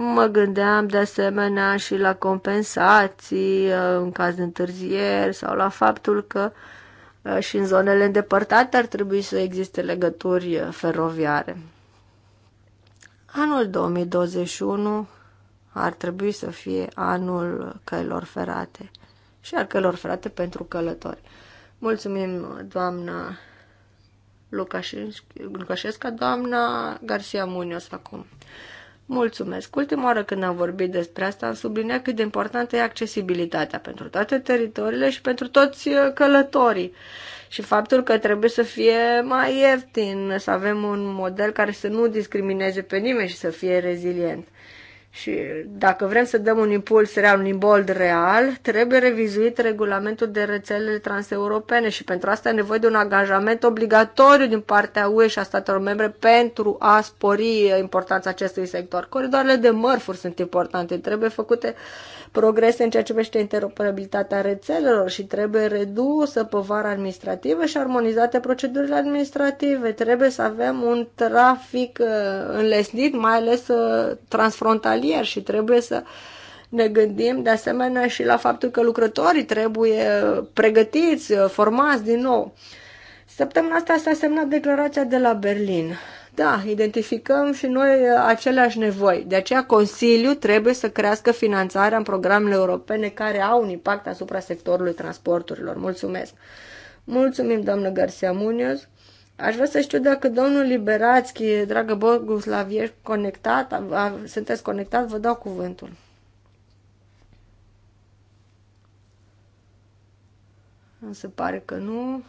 Mă gândeam de asemenea și la compensații uh, în caz de întârzieri sau la faptul că uh, și în zonele îndepărtate ar trebui să existe legături uh, feroviare. Anul 2021 ar trebui să fie anul căilor ferate și al căilor ferate pentru călători. Mulțumim, doamna Lucașesca, doamna Garcia Munoz acum. Mulțumesc! Ultima oară când am vorbit despre asta, am subliniat cât de importantă e accesibilitatea pentru toate teritoriile și pentru toți uh, călătorii. Și faptul că trebuie să fie mai ieftin, să avem un model care să nu discrimineze pe nimeni și să fie rezilient. Și dacă vrem să dăm un impuls real, un imbold real, trebuie revizuit regulamentul de rețelele transeuropene și pentru asta e nevoie de un angajament obligatoriu din partea UE și a statelor membre pentru a spori importanța acestui sector. Coridoarele de mărfuri sunt importante, trebuie făcute progrese în ceea ce privește interoperabilitatea rețelelor și trebuie redusă povara administrativă și armonizate procedurile administrative. Trebuie să avem un trafic uh, înlesnit, mai ales uh, transfrontalier și trebuie să ne gândim de asemenea și la faptul că lucrătorii trebuie uh, pregătiți, formați din nou. Săptămâna asta s-a semnat declarația de la Berlin da, identificăm și noi uh, aceleași nevoi. De aceea Consiliul trebuie să crească finanțarea în programele europene care au un impact asupra sectorului transporturilor. Mulțumesc! Mulțumim, doamnă Garcia Munoz. Aș vrea să știu dacă domnul Liberațchi, dragă Boguslav, ești conectat, a, a, sunteți conectat, vă dau cuvântul. Se pare că nu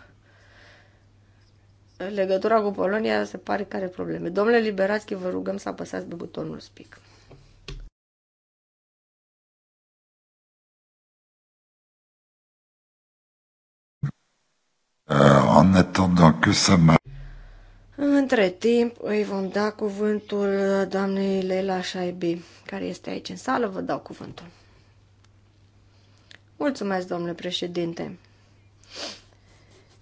legătura cu Polonia se pare că are probleme. Domnule Liberațchi, vă rugăm să apăsați pe butonul speak. Euh, Între timp îi vom da cuvântul doamnei Leila Șaibi, care este aici în sală, vă dau cuvântul. Mulțumesc, domnule președinte.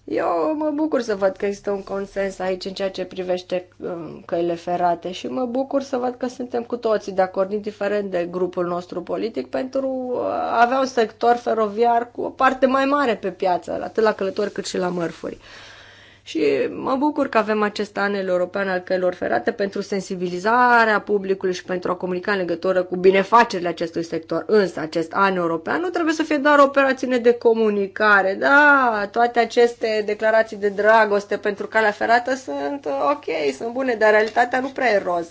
Eu mă bucur să văd că există un consens aici în ceea ce privește um, căile ferate și mă bucur să văd că suntem cu toții de acord, indiferent de grupul nostru politic, pentru a avea un sector feroviar cu o parte mai mare pe piață, atât la călători cât și la mărfuri. Și mă bucur că avem acest an european al căilor ferate pentru sensibilizarea publicului și pentru a comunica în legătură cu binefacerile acestui sector. Însă acest an european nu trebuie să fie doar o operațiune de comunicare. Da, toate aceste declarații de dragoste pentru calea ferată sunt uh, ok, sunt bune, dar realitatea nu prea e roz.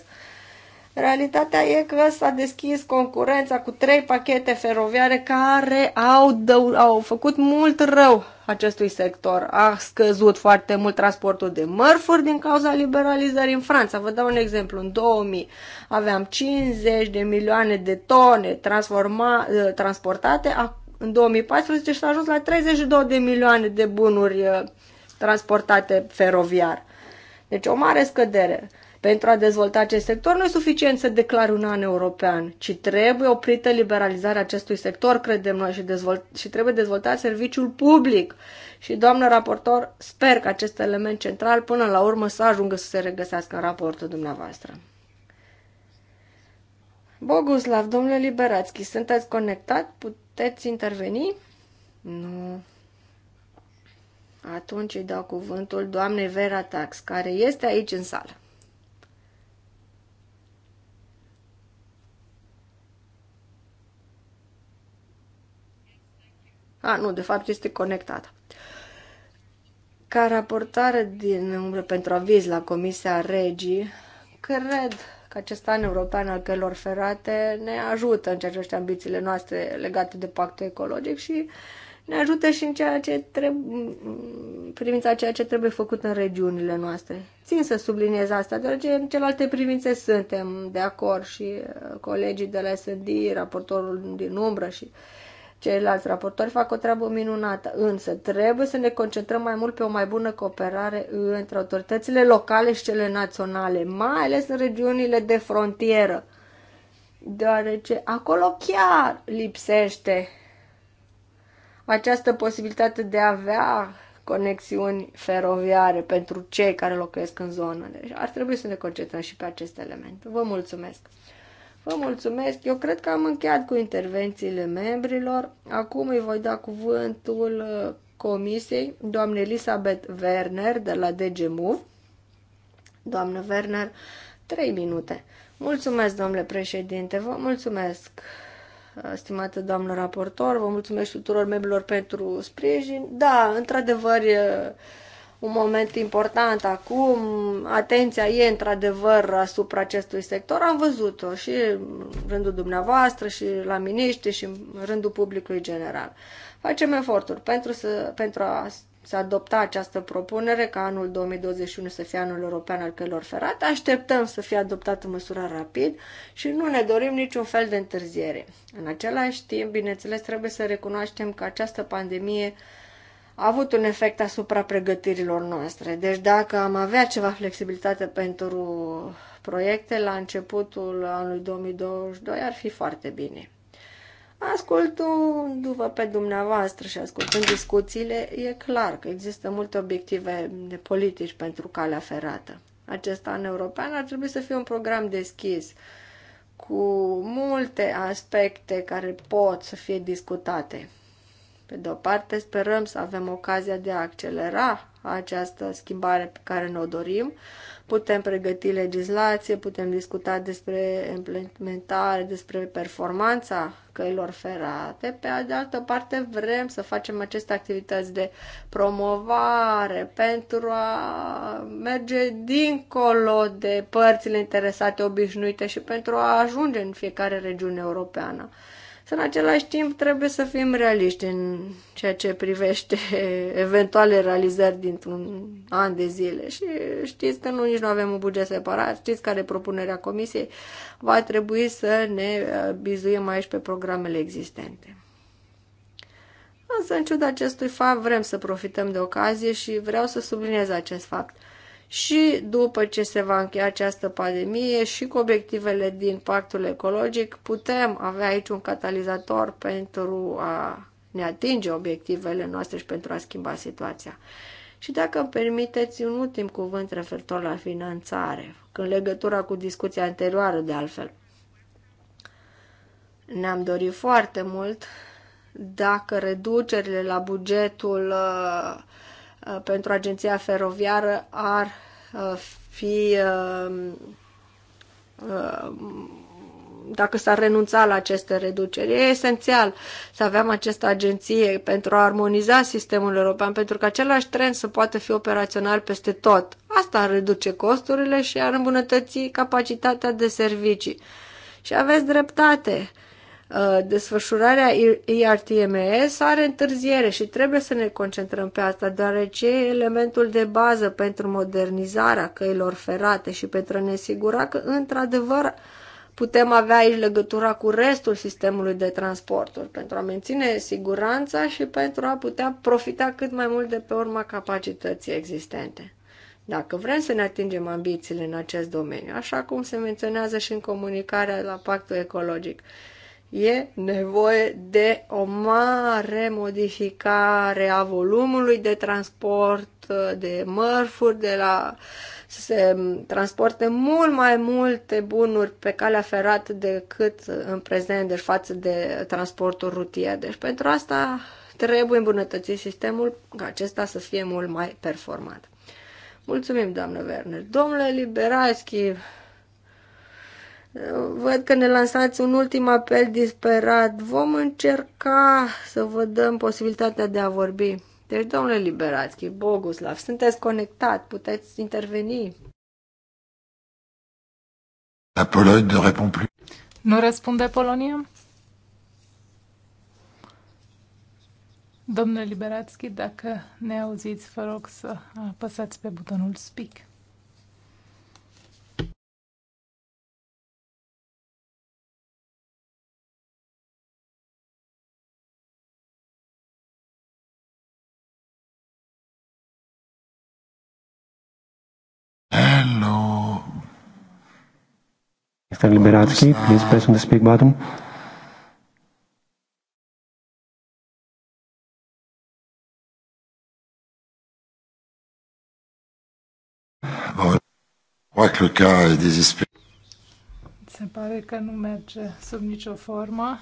Realitatea e că s-a deschis concurența cu trei pachete feroviare care au, au făcut mult rău acestui sector. A scăzut foarte mult transportul de mărfuri din cauza liberalizării în Franța. Vă dau un exemplu. În 2000 aveam 50 de milioane de tone transforma, ă, transportate. În 2014 s-a ajuns la 32 de milioane de bunuri ă, transportate feroviar. Deci o mare scădere pentru a dezvolta acest sector, nu e suficient să declari un an european, ci trebuie oprită liberalizarea acestui sector, credem noi, și, dezvolt- și trebuie dezvoltat serviciul public. Și, doamnă raportor, sper că acest element central până la urmă să ajungă să se regăsească în raportul dumneavoastră. Boguslav, domnule Liberațchi, sunteți conectat? Puteți interveni? Nu. Atunci îi dau cuvântul doamnei Vera Tax, care este aici în sală. A, nu, de fapt este conectată. Ca raportare din umbră pentru aviz la Comisia Regii, cred că acest an european al căilor ferate ne ajută în ceea ce ambițiile noastre legate de pactul ecologic și ne ajută și în ceea ce trebuie, privința ceea ce trebuie făcut în regiunile noastre. Țin să subliniez asta, deoarece în celelalte privințe suntem de acord și uh, colegii de la S&D, raportorul din umbră și uh, Ceilalți raportori fac o treabă minunată, însă trebuie să ne concentrăm mai mult pe o mai bună cooperare între autoritățile locale și cele naționale, mai ales în regiunile de frontieră, deoarece acolo chiar lipsește această posibilitate de a avea conexiuni feroviare pentru cei care locuiesc în zonă. Deci ar trebui să ne concentrăm și pe acest element. Vă mulțumesc! Vă mulțumesc. Eu cred că am încheiat cu intervențiile membrilor. Acum îi voi da cuvântul uh, comisiei, doamne Elisabeth Werner de la DG Move. Doamnă Werner, trei minute. Mulțumesc, domnule președinte, vă mulțumesc, uh, stimată doamnă raportor, vă mulțumesc tuturor membrilor pentru sprijin. Da, într-adevăr, un moment important acum. Atenția e într-adevăr asupra acestui sector. Am văzut-o și în rândul dumneavoastră, și la miniștri, și în rândul publicului general. Facem eforturi pentru, să, pentru a se adopta această propunere ca anul 2021 să fie anul european al căilor ferate. Așteptăm să fie adoptată măsura rapid și nu ne dorim niciun fel de întârziere. În același timp, bineînțeles, trebuie să recunoaștem că această pandemie a avut un efect asupra pregătirilor noastre. Deci dacă am avea ceva flexibilitate pentru proiecte la începutul anului 2022, ar fi foarte bine. Ascultându-vă pe dumneavoastră și ascultând discuțiile, e clar că există multe obiective de politici pentru calea ferată. Acest an european ar trebui să fie un program deschis cu multe aspecte care pot să fie discutate pe de o parte, sperăm să avem ocazia de a accelera această schimbare pe care ne-o dorim. Putem pregăti legislație, putem discuta despre implementare, despre performanța căilor ferate. Pe de altă parte, vrem să facem aceste activități de promovare pentru a merge dincolo de părțile interesate obișnuite și pentru a ajunge în fiecare regiune europeană. Să în același timp trebuie să fim realiști în ceea ce privește eventuale realizări dintr-un an de zile. Și știți că nu nici nu avem un buget separat, știți care e propunerea comisiei, va trebui să ne uh, bizuim aici pe programele existente. Însă, în ciuda acestui fapt, vrem să profităm de ocazie și vreau să subliniez acest fapt și după ce se va încheia această pandemie și cu obiectivele din pactul ecologic, putem avea aici un catalizator pentru a ne atinge obiectivele noastre și pentru a schimba situația. Și dacă îmi permiteți un ultim cuvânt referitor la finanțare, în legătura cu discuția anterioară de altfel. Ne-am dorit foarte mult dacă reducerile la bugetul uh, Uh, pentru agenția feroviară ar uh, fi uh, dacă s-ar renunța la aceste reduceri. E esențial să avem această agenție pentru a armoniza sistemul european, pentru că același tren să poată fi operațional peste tot. Asta ar reduce costurile și ar îmbunătăți capacitatea de servicii. Și aveți dreptate. Uh, desfășurarea IRTMS are întârziere și trebuie să ne concentrăm pe asta, deoarece e elementul de bază pentru modernizarea căilor ferate și pentru a ne asigura că, într-adevăr, putem avea aici legătura cu restul sistemului de transporturi pentru a menține siguranța și pentru a putea profita cât mai mult de pe urma capacității existente. Dacă vrem să ne atingem ambițiile în acest domeniu, așa cum se menționează și în comunicarea la pactul ecologic, e nevoie de o mare modificare a volumului de transport de mărfuri, de la să se transporte mult mai multe bunuri pe calea ferată decât în prezent, deci față de transportul rutier. Deci pentru asta trebuie îmbunătățit sistemul ca acesta să fie mult mai performant. Mulțumim, doamnă Werner. Domnule Liberaschi, Văd că ne lansați un ultim apel disperat. Vom încerca să vă dăm posibilitatea de a vorbi. Deci, domnule Liberațchi, Boguslav, sunteți conectat, puteți interveni. La Pologne ne plus. Nu răspunde Polonia? Domnule Liberațchi, dacă ne auziți, vă rog să apăsați pe butonul speak. Mr. Liberatsky, please press on the speak button. Se pare că nu merge sub nicio formă.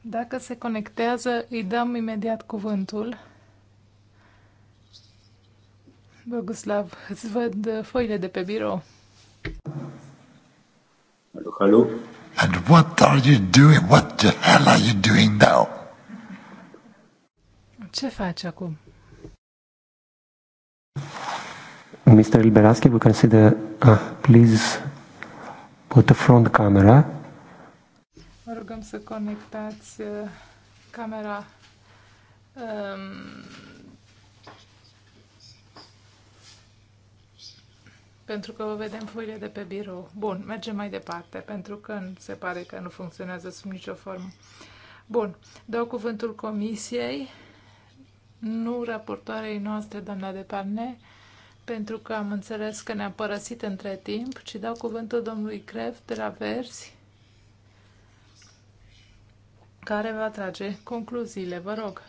Dacă se conectează, îi dăm imediat cuvântul. Boguslav, îți văd foile de pe birou. Hello, hello. And what are you doing? What the hell are you doing now? Ce faci acum? Mr. Liberaski, we can the... uh, please put the front camera. Vă rugăm să conectați uh, camera um, pentru că vedem foile de pe birou. Bun, mergem mai departe, pentru că se pare că nu funcționează sub nicio formă. Bun, dau cuvântul comisiei, nu raportoarei noastre, doamna de Parne, pentru că am înțeles că ne-a părăsit între timp, ci dau cuvântul domnului Crev de la Verzi, care va trage concluziile. Vă rog.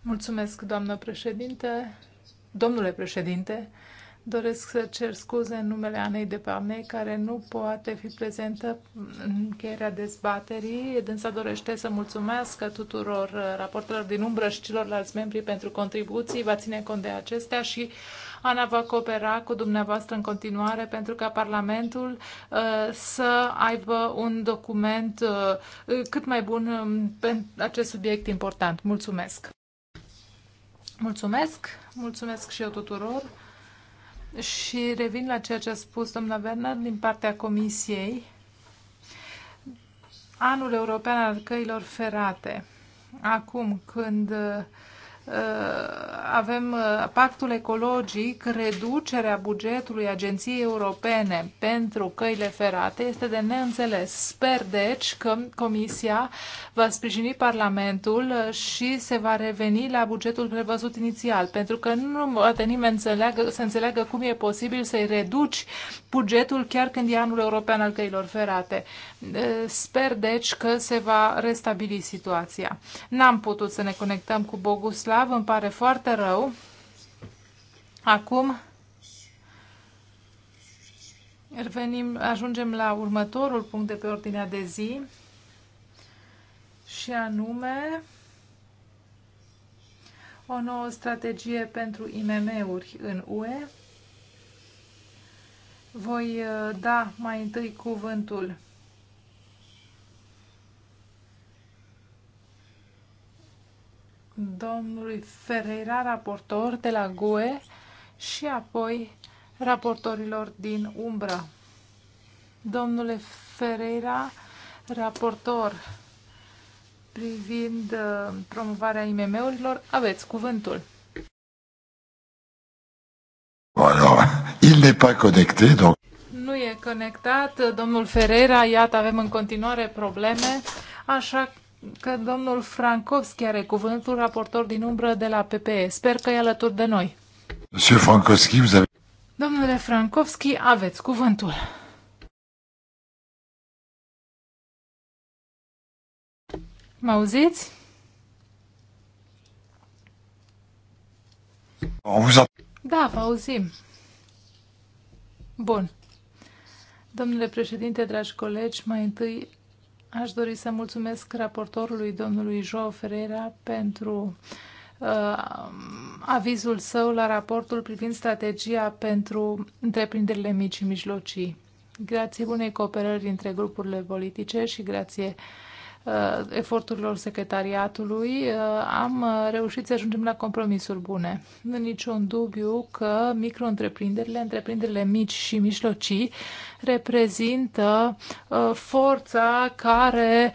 Mulțumesc, doamnă președinte. Domnule președinte, doresc să cer scuze în numele Anei de Parnei, care nu poate fi prezentă în încheierea dezbaterii. Dânsa dorește să mulțumească tuturor raportelor din umbră și celorlalți membri pentru contribuții, va ține cont de acestea și Ana va coopera cu dumneavoastră în continuare pentru ca Parlamentul uh, să aibă un document uh, cât mai bun uh, um, pentru acest subiect important. Mulțumesc! Mulțumesc, mulțumesc și eu tuturor și revin la ceea ce a spus doamna Bernard, din partea Comisiei. Anul European al Căilor Ferate. Acum, când Uh, avem uh, pactul ecologic, reducerea bugetului Agenției Europene pentru căile ferate este de neînțeles. Sper, deci, că Comisia va sprijini Parlamentul și se va reveni la bugetul prevăzut inițial, pentru că nu poate nimeni înțeleagă, să înțeleagă cum e posibil să-i reduci bugetul chiar când e anul european al căilor ferate. Uh, sper, deci, că se va restabili situația. N-am putut să ne conectăm cu Boguslav, grav, îmi pare foarte rău. Acum revenim, ajungem la următorul punct de pe ordinea de zi și anume o nouă strategie pentru IMM-uri în UE. Voi uh, da mai întâi cuvântul domnului Ferreira, raportor de la GUE și apoi raportorilor din Umbra. Domnule Ferreira, raportor privind uh, promovarea IMM-urilor, aveți cuvântul. Nu e conectat, domnul Ferreira, iată, avem în continuare probleme, așa că domnul Frankowski are cuvântul, raportor din umbră de la PPE. Sper că e alături de noi. Domnule Frankovski, aveți cuvântul. Mă auziți? Da, vă auzim. Bun. Domnule președinte, dragi colegi, mai întâi Aș dori să mulțumesc raportorului domnului João Ferreira pentru uh, avizul său la raportul privind strategia pentru întreprinderile mici și mijlocii. Grație bunei cooperări între grupurile politice și grație uh, Uh, eforturilor secretariatului, uh, am uh, reușit să ajungem la compromisuri bune. Nu niciun dubiu că micro-întreprinderile, întreprinderile mici și mijlocii, reprezintă forța care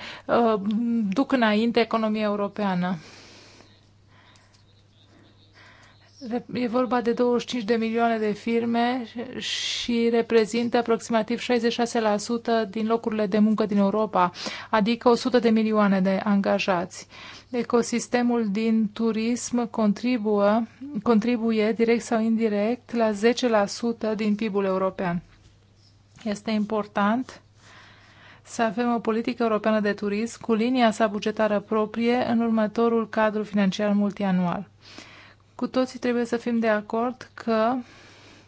duc înainte economia europeană. E vorba de 25 de milioane de firme și reprezintă aproximativ 66% din locurile de muncă din Europa, adică 100 de milioane de angajați. Ecosistemul din turism contribuă, contribuie direct sau indirect la 10% din PIB-ul european. Este important să avem o politică europeană de turism cu linia sa bugetară proprie în următorul cadru financiar multianual. Cu toții trebuie să fim de acord că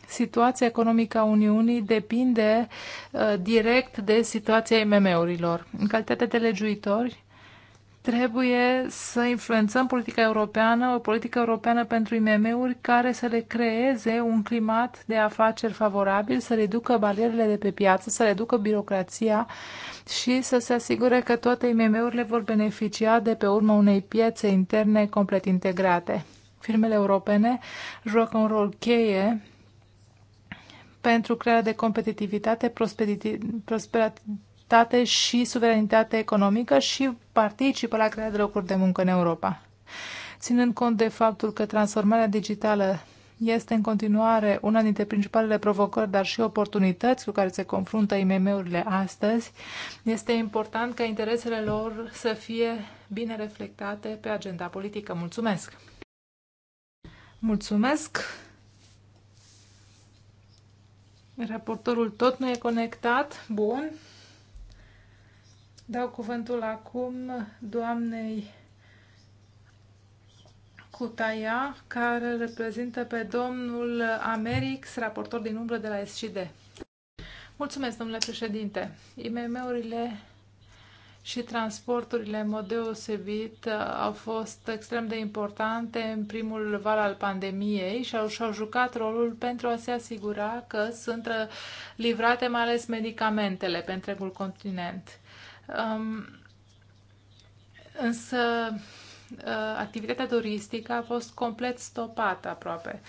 situația economică a Uniunii depinde uh, direct de situația IMM-urilor. În calitate de legiuitori, trebuie să influențăm politica europeană, o politică europeană pentru IMM-uri care să le creeze un climat de afaceri favorabil, să reducă barierele de pe piață, să reducă birocrația și să se asigure că toate IMM-urile vor beneficia de pe urma unei piețe interne complet integrate. Firmele europene joacă un rol cheie pentru crearea de competitivitate, prosperitate și suveranitate economică și participă la crearea de locuri de muncă în Europa. Ținând cont de faptul că transformarea digitală este în continuare una dintre principalele provocări, dar și oportunități cu care se confruntă IMM-urile astăzi, este important ca interesele lor să fie bine reflectate pe agenda politică. Mulțumesc! Mulțumesc. Raportorul tot nu e conectat. Bun. Dau cuvântul acum doamnei Cutaia, care reprezintă pe domnul Americ, raportor din umbră de la SCD. Mulțumesc, domnule președinte. IMM-urile și transporturile, în mod deosebit, au fost extrem de importante în primul val al pandemiei și au, și-au jucat rolul pentru a se asigura că sunt uh, livrate mai ales medicamentele pe întregul continent. Um, însă, uh, activitatea turistică a fost complet stopată aproape.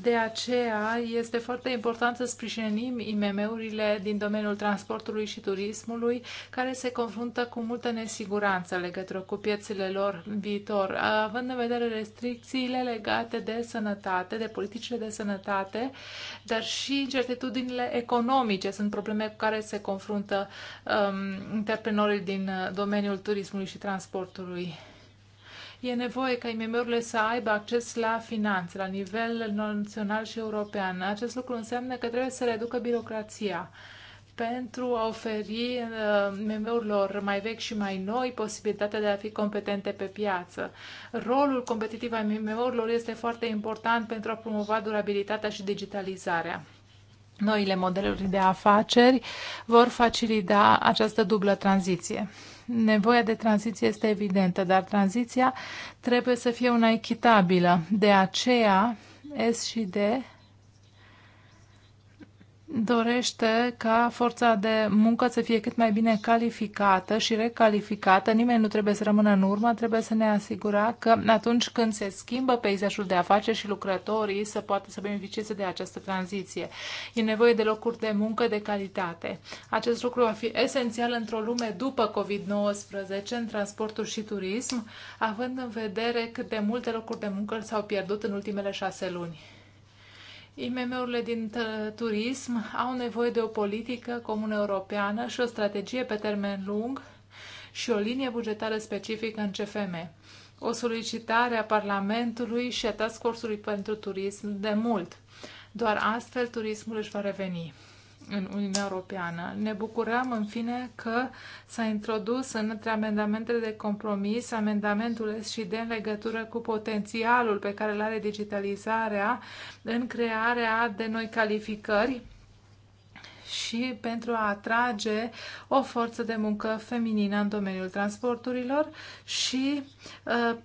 De aceea este foarte important să sprijinim IMM-urile din domeniul transportului și turismului, care se confruntă cu multă nesiguranță legătură cu piețele lor în viitor, având în vedere restricțiile legate de sănătate, de politicile de sănătate, dar și certitudinile economice. Sunt probleme cu care se confruntă um, interprenorii din uh, domeniul turismului și transportului. E nevoie ca IMM-urile să aibă acces la finanțe la nivel național și european. Acest lucru înseamnă că trebuie să reducă birocrația pentru a oferi uh, membrilor mai vechi și mai noi posibilitatea de a fi competente pe piață. Rolul competitiv al membrilor este foarte important pentru a promova durabilitatea și digitalizarea. Noile modeluri de afaceri vor facilita această dublă tranziție. Nevoia de tranziție este evidentă, dar tranziția trebuie să fie una echitabilă. De aceea, S și D dorește ca forța de muncă să fie cât mai bine calificată și recalificată. Nimeni nu trebuie să rămână în urmă, trebuie să ne asigura că atunci când se schimbă peisajul de afaceri și lucrătorii să poată să beneficieze de această tranziție. E nevoie de locuri de muncă de calitate. Acest lucru va fi esențial într-o lume după COVID-19 în transportul și turism, având în vedere cât de multe locuri de muncă s-au pierdut în ultimele șase luni. IMM-urile din turism au nevoie de o politică comună europeană și o strategie pe termen lung și o linie bugetară specifică în CFM. O solicitare a Parlamentului și a Task Force-ului pentru turism de mult. Doar astfel turismul își va reveni în Uniunea Europeană. Ne bucurăm, în fine, că s-a introdus între amendamentele de compromis amendamentul SCD în legătură cu potențialul pe care îl are digitalizarea în crearea de noi calificări și pentru a atrage o forță de muncă feminină în domeniul transporturilor și uh,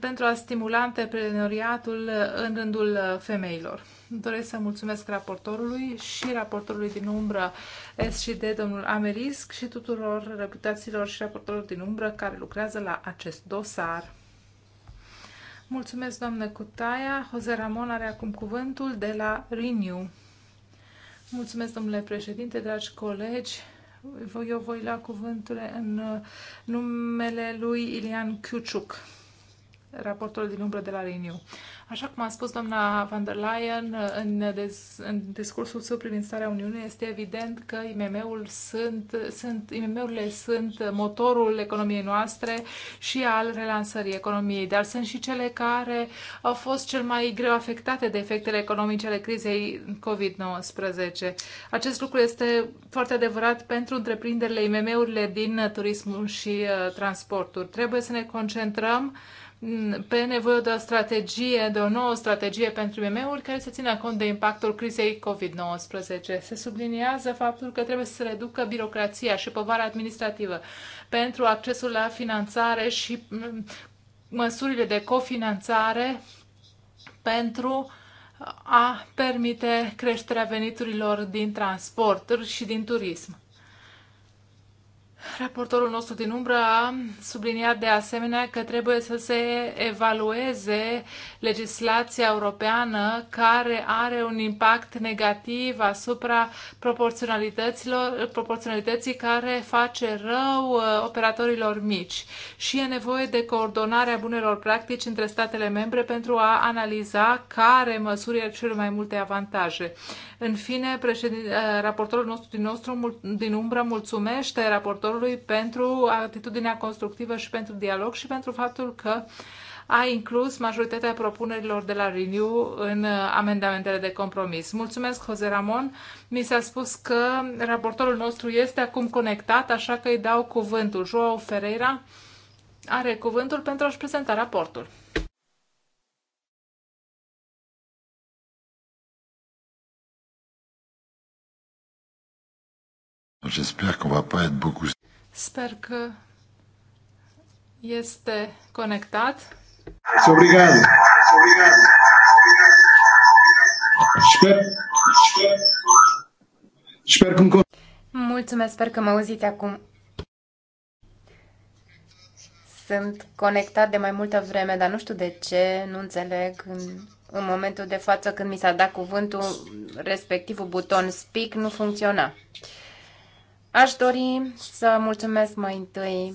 pentru a stimula antreprenoriatul uh, în rândul uh, femeilor. Doresc să mulțumesc raportorului și raportorului din umbră S și D, domnul Amerisc, și tuturor reputaților și raportorilor din umbră care lucrează la acest dosar. Mulțumesc, doamnă Cutaia. Jose Ramon are acum cuvântul de la Renew. Mulțumesc, domnule președinte, dragi colegi. Eu voi lua cuvântul în numele lui Ilian Chiuciuc raportul din umbră de la Renew. Așa cum a spus doamna van der Leyen în, des, în discursul său privind starea Uniunii, este evident că imm urile sunt, sunt, imm sunt motorul economiei noastre și al relansării economiei, dar sunt și cele care au fost cel mai greu afectate de efectele economice ale crizei COVID-19. Acest lucru este foarte adevărat pentru întreprinderile IMM-urile din turismul și uh, transporturi. Trebuie să ne concentrăm uh, pe nevoie de o strategie, de o nouă strategie pentru IMM-uri care să țină cont de impactul crizei COVID-19. Se subliniază faptul că trebuie să se reducă birocrația și povara administrativă pentru accesul la finanțare și mm, măsurile de cofinanțare pentru a permite creșterea veniturilor din transporturi și din turism. Raportorul nostru din umbră a subliniat de asemenea că trebuie să se evalueze legislația europeană care are un impact negativ asupra proporționalităților, proporționalității care face rău uh, operatorilor mici și e nevoie de coordonarea bunelor practici între statele membre pentru a analiza care măsuri are cele mai multe avantaje. În fine, eh, raportorul nostru din, nostru din umbră mulțumește raportorului pentru atitudinea constructivă și pentru dialog și pentru faptul că a inclus majoritatea propunerilor de la Renew în eh, amendamentele de compromis. Mulțumesc, Jose Ramon. Mi s-a spus că raportorul nostru este acum conectat, așa că îi dau cuvântul. Joao Ferreira are cuvântul pentru a-și prezenta raportul. sper că va pas être Sper că este conectat. Obrigado. Obrigado. Sper, sper, sper că Mulțumesc, sper că mă auziți acum. Sunt conectat de mai multă vreme, dar nu știu de ce, nu înțeleg. În, în momentul de față, când mi s-a dat cuvântul, respectivul buton speak nu funcționa. Aș dori să mulțumesc mai întâi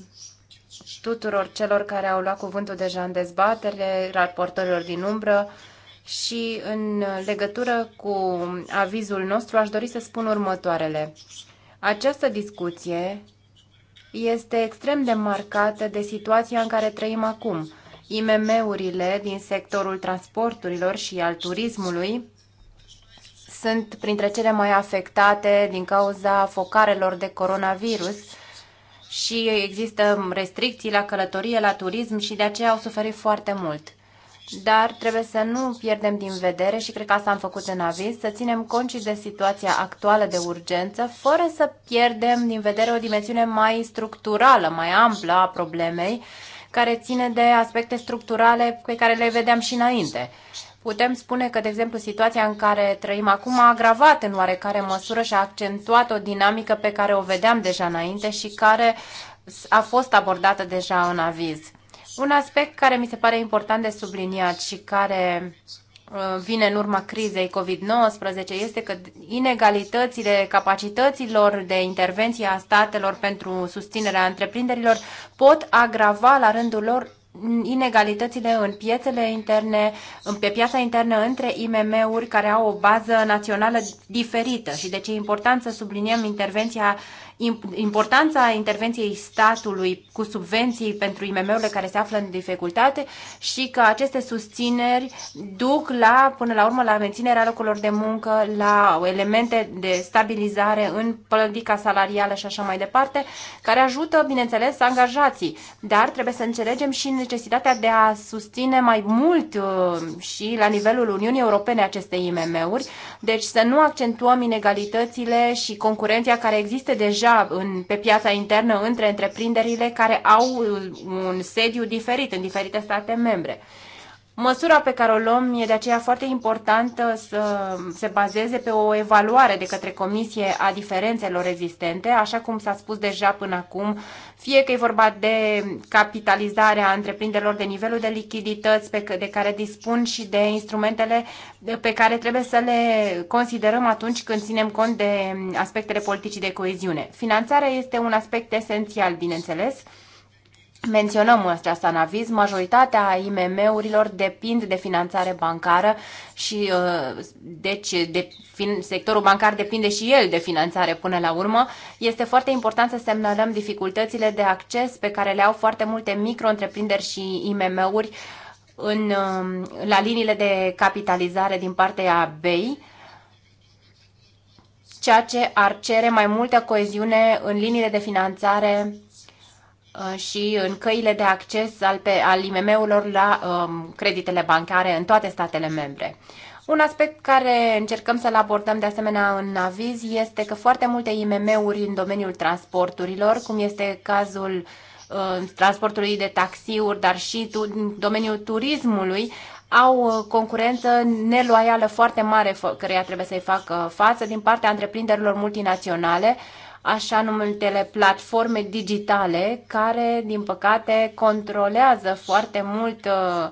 tuturor celor care au luat cuvântul deja în dezbatere, raportorilor din umbră și în legătură cu avizul nostru aș dori să spun următoarele. Această discuție este extrem de marcată de situația în care trăim acum. IMM-urile din sectorul transporturilor și al turismului sunt printre cele mai afectate din cauza focarelor de coronavirus și există restricții la călătorie, la turism și de aceea au suferit foarte mult. Dar trebuie să nu pierdem din vedere și cred că asta am făcut în aviz, să ținem cont și de situația actuală de urgență, fără să pierdem din vedere o dimensiune mai structurală, mai amplă a problemei, care ține de aspecte structurale pe care le vedeam și înainte. Putem spune că, de exemplu, situația în care trăim acum a agravat în oarecare măsură și a accentuat o dinamică pe care o vedeam deja înainte și care a fost abordată deja în aviz. Un aspect care mi se pare important de subliniat și care uh, vine în urma crizei COVID-19 este că inegalitățile capacităților de intervenție a statelor pentru susținerea întreprinderilor pot agrava la rândul lor inegalitățile în piețele interne, pe piața internă între IMM-uri care au o bază națională diferită și deci e important să subliniem intervenția importanța intervenției statului cu subvenții pentru IMM-urile care se află în dificultate și că aceste susțineri duc la, până la urmă la menținerea locurilor de muncă, la elemente de stabilizare în politica salarială și așa mai departe, care ajută, bineînțeles, angajații. Dar trebuie să înțelegem și necesitatea de a susține mai mult uh, și la nivelul Uniunii Europene aceste IMM-uri, deci să nu accentuăm inegalitățile și concurenția care există deja deja în, pe piața internă între întreprinderile care au uh, un sediu diferit în diferite state membre. Măsura pe care o luăm e de aceea foarte importantă să se bazeze pe o evaluare de către comisie a diferențelor existente, așa cum s-a spus deja până acum, fie că e vorba de capitalizarea întreprinderilor, de nivelul de lichidități pe, de care dispun și de instrumentele pe care trebuie să le considerăm atunci când ținem cont de aspectele politicii de coeziune. Finanțarea este un aspect esențial, bineînțeles, Menționăm această în aviz, majoritatea IMM-urilor depind de finanțare bancară și uh, deci de, fin, sectorul bancar depinde și el de finanțare până la urmă. Este foarte important să semnalăm dificultățile de acces pe care le au foarte multe micro-întreprinderi și IMM-uri în, um, la liniile de capitalizare din partea BEI ceea ce ar cere mai multă coeziune în liniile de finanțare Uh, și în căile de acces al, pe, al IMM-urilor la um, creditele bancare în toate statele membre. Un aspect care încercăm să-l abordăm de asemenea în aviz este că foarte multe IMM-uri în domeniul transporturilor, cum este cazul uh, transportului de taxiuri, dar și tu, în domeniul turismului, au uh, concurență neloială foarte mare, căreia trebuie să-i facă față din partea întreprinderilor multinaționale, uh, așa numitele platforme digitale care, din păcate, controlează foarte mult uh,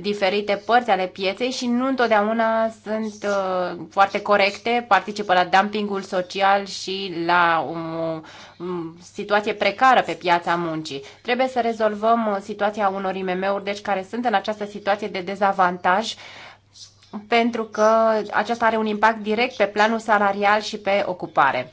diferite părți ale pieței și nu întotdeauna sunt uh, foarte corecte, participă la dumpingul social și la o situație precară pe piața muncii. Trebuie să rezolvăm uh, situația unor IMM-uri, deci care sunt în această situație de dezavantaj, pentru că aceasta are un impact direct pe planul salarial și pe ocupare.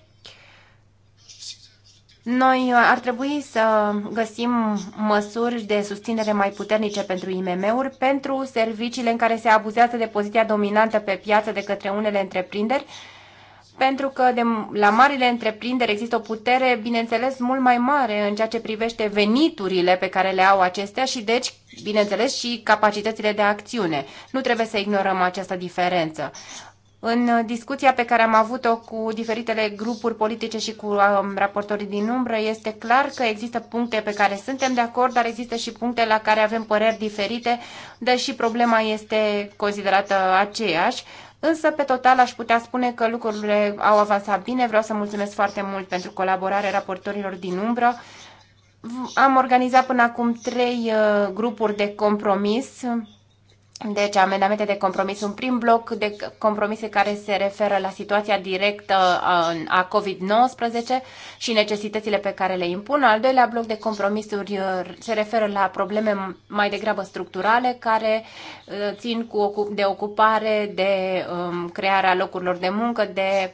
Noi uh, ar trebui să găsim măsuri de susținere mai puternice pentru IMM-uri, pentru serviciile în care se abuzează de poziția dominantă pe piață de către unele întreprinderi, pentru că de la marile întreprinderi există o putere, bineînțeles, mult mai mare în ceea ce privește veniturile pe care le au acestea și, deci, bineînțeles, și capacitățile de acțiune. Nu trebuie să ignorăm această diferență. În discuția pe care am avut-o cu diferitele grupuri politice și cu um, raportorii din umbră, este clar că există puncte pe care suntem de acord, dar există și puncte la care avem păreri diferite, deși problema este considerată aceeași. Însă, pe total, aș putea spune că lucrurile au avansat bine. Vreau să mulțumesc foarte mult pentru colaborare raportorilor din umbră. Am organizat până acum trei uh, grupuri de compromis deci, amendamente de compromis, un prim bloc de compromise care se referă la situația directă uh, a COVID-19 și necesitățile pe care le impun. Al doilea bloc de compromisuri uh, se referă la probleme mai degrabă structurale care uh, țin cu de ocupare, de um, crearea locurilor de muncă, de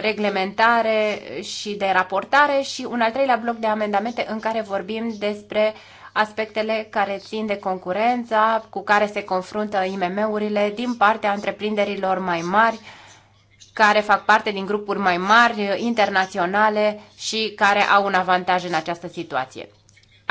reglementare și de raportare și un al treilea bloc de amendamente în care vorbim despre uh, aspectele care țin de concurența cu care se confruntă IMM-urile din partea întreprinderilor mai mari, care fac parte din grupuri mai mari, internaționale și care au un avantaj în această situație.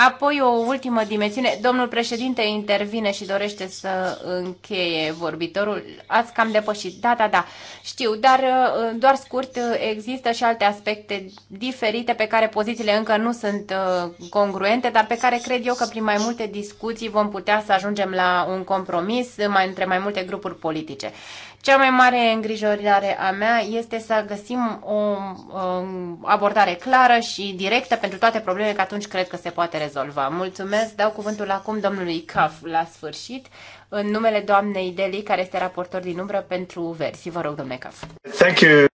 Apoi o ultimă dimensiune. Domnul președinte intervine și dorește să încheie vorbitorul. Ați cam depășit. Da, da, da. Știu, dar uh, doar scurt uh, există și alte aspecte diferite pe care pozițiile încă nu sunt uh, congruente, dar pe care cred eu că prin mai multe discuții vom putea să ajungem la un compromis mai între mai multe grupuri politice. Cea mai mare îngrijorare a mea este să găsim o, abordare clară și directă pentru toate problemele, că atunci cred că se poate rezolva. Mulțumesc, dau cuvântul acum domnului Caf la sfârșit, în numele doamnei Deli, care este raportor din umbră pentru Versi. Vă rog, domnule Caf. Thank you.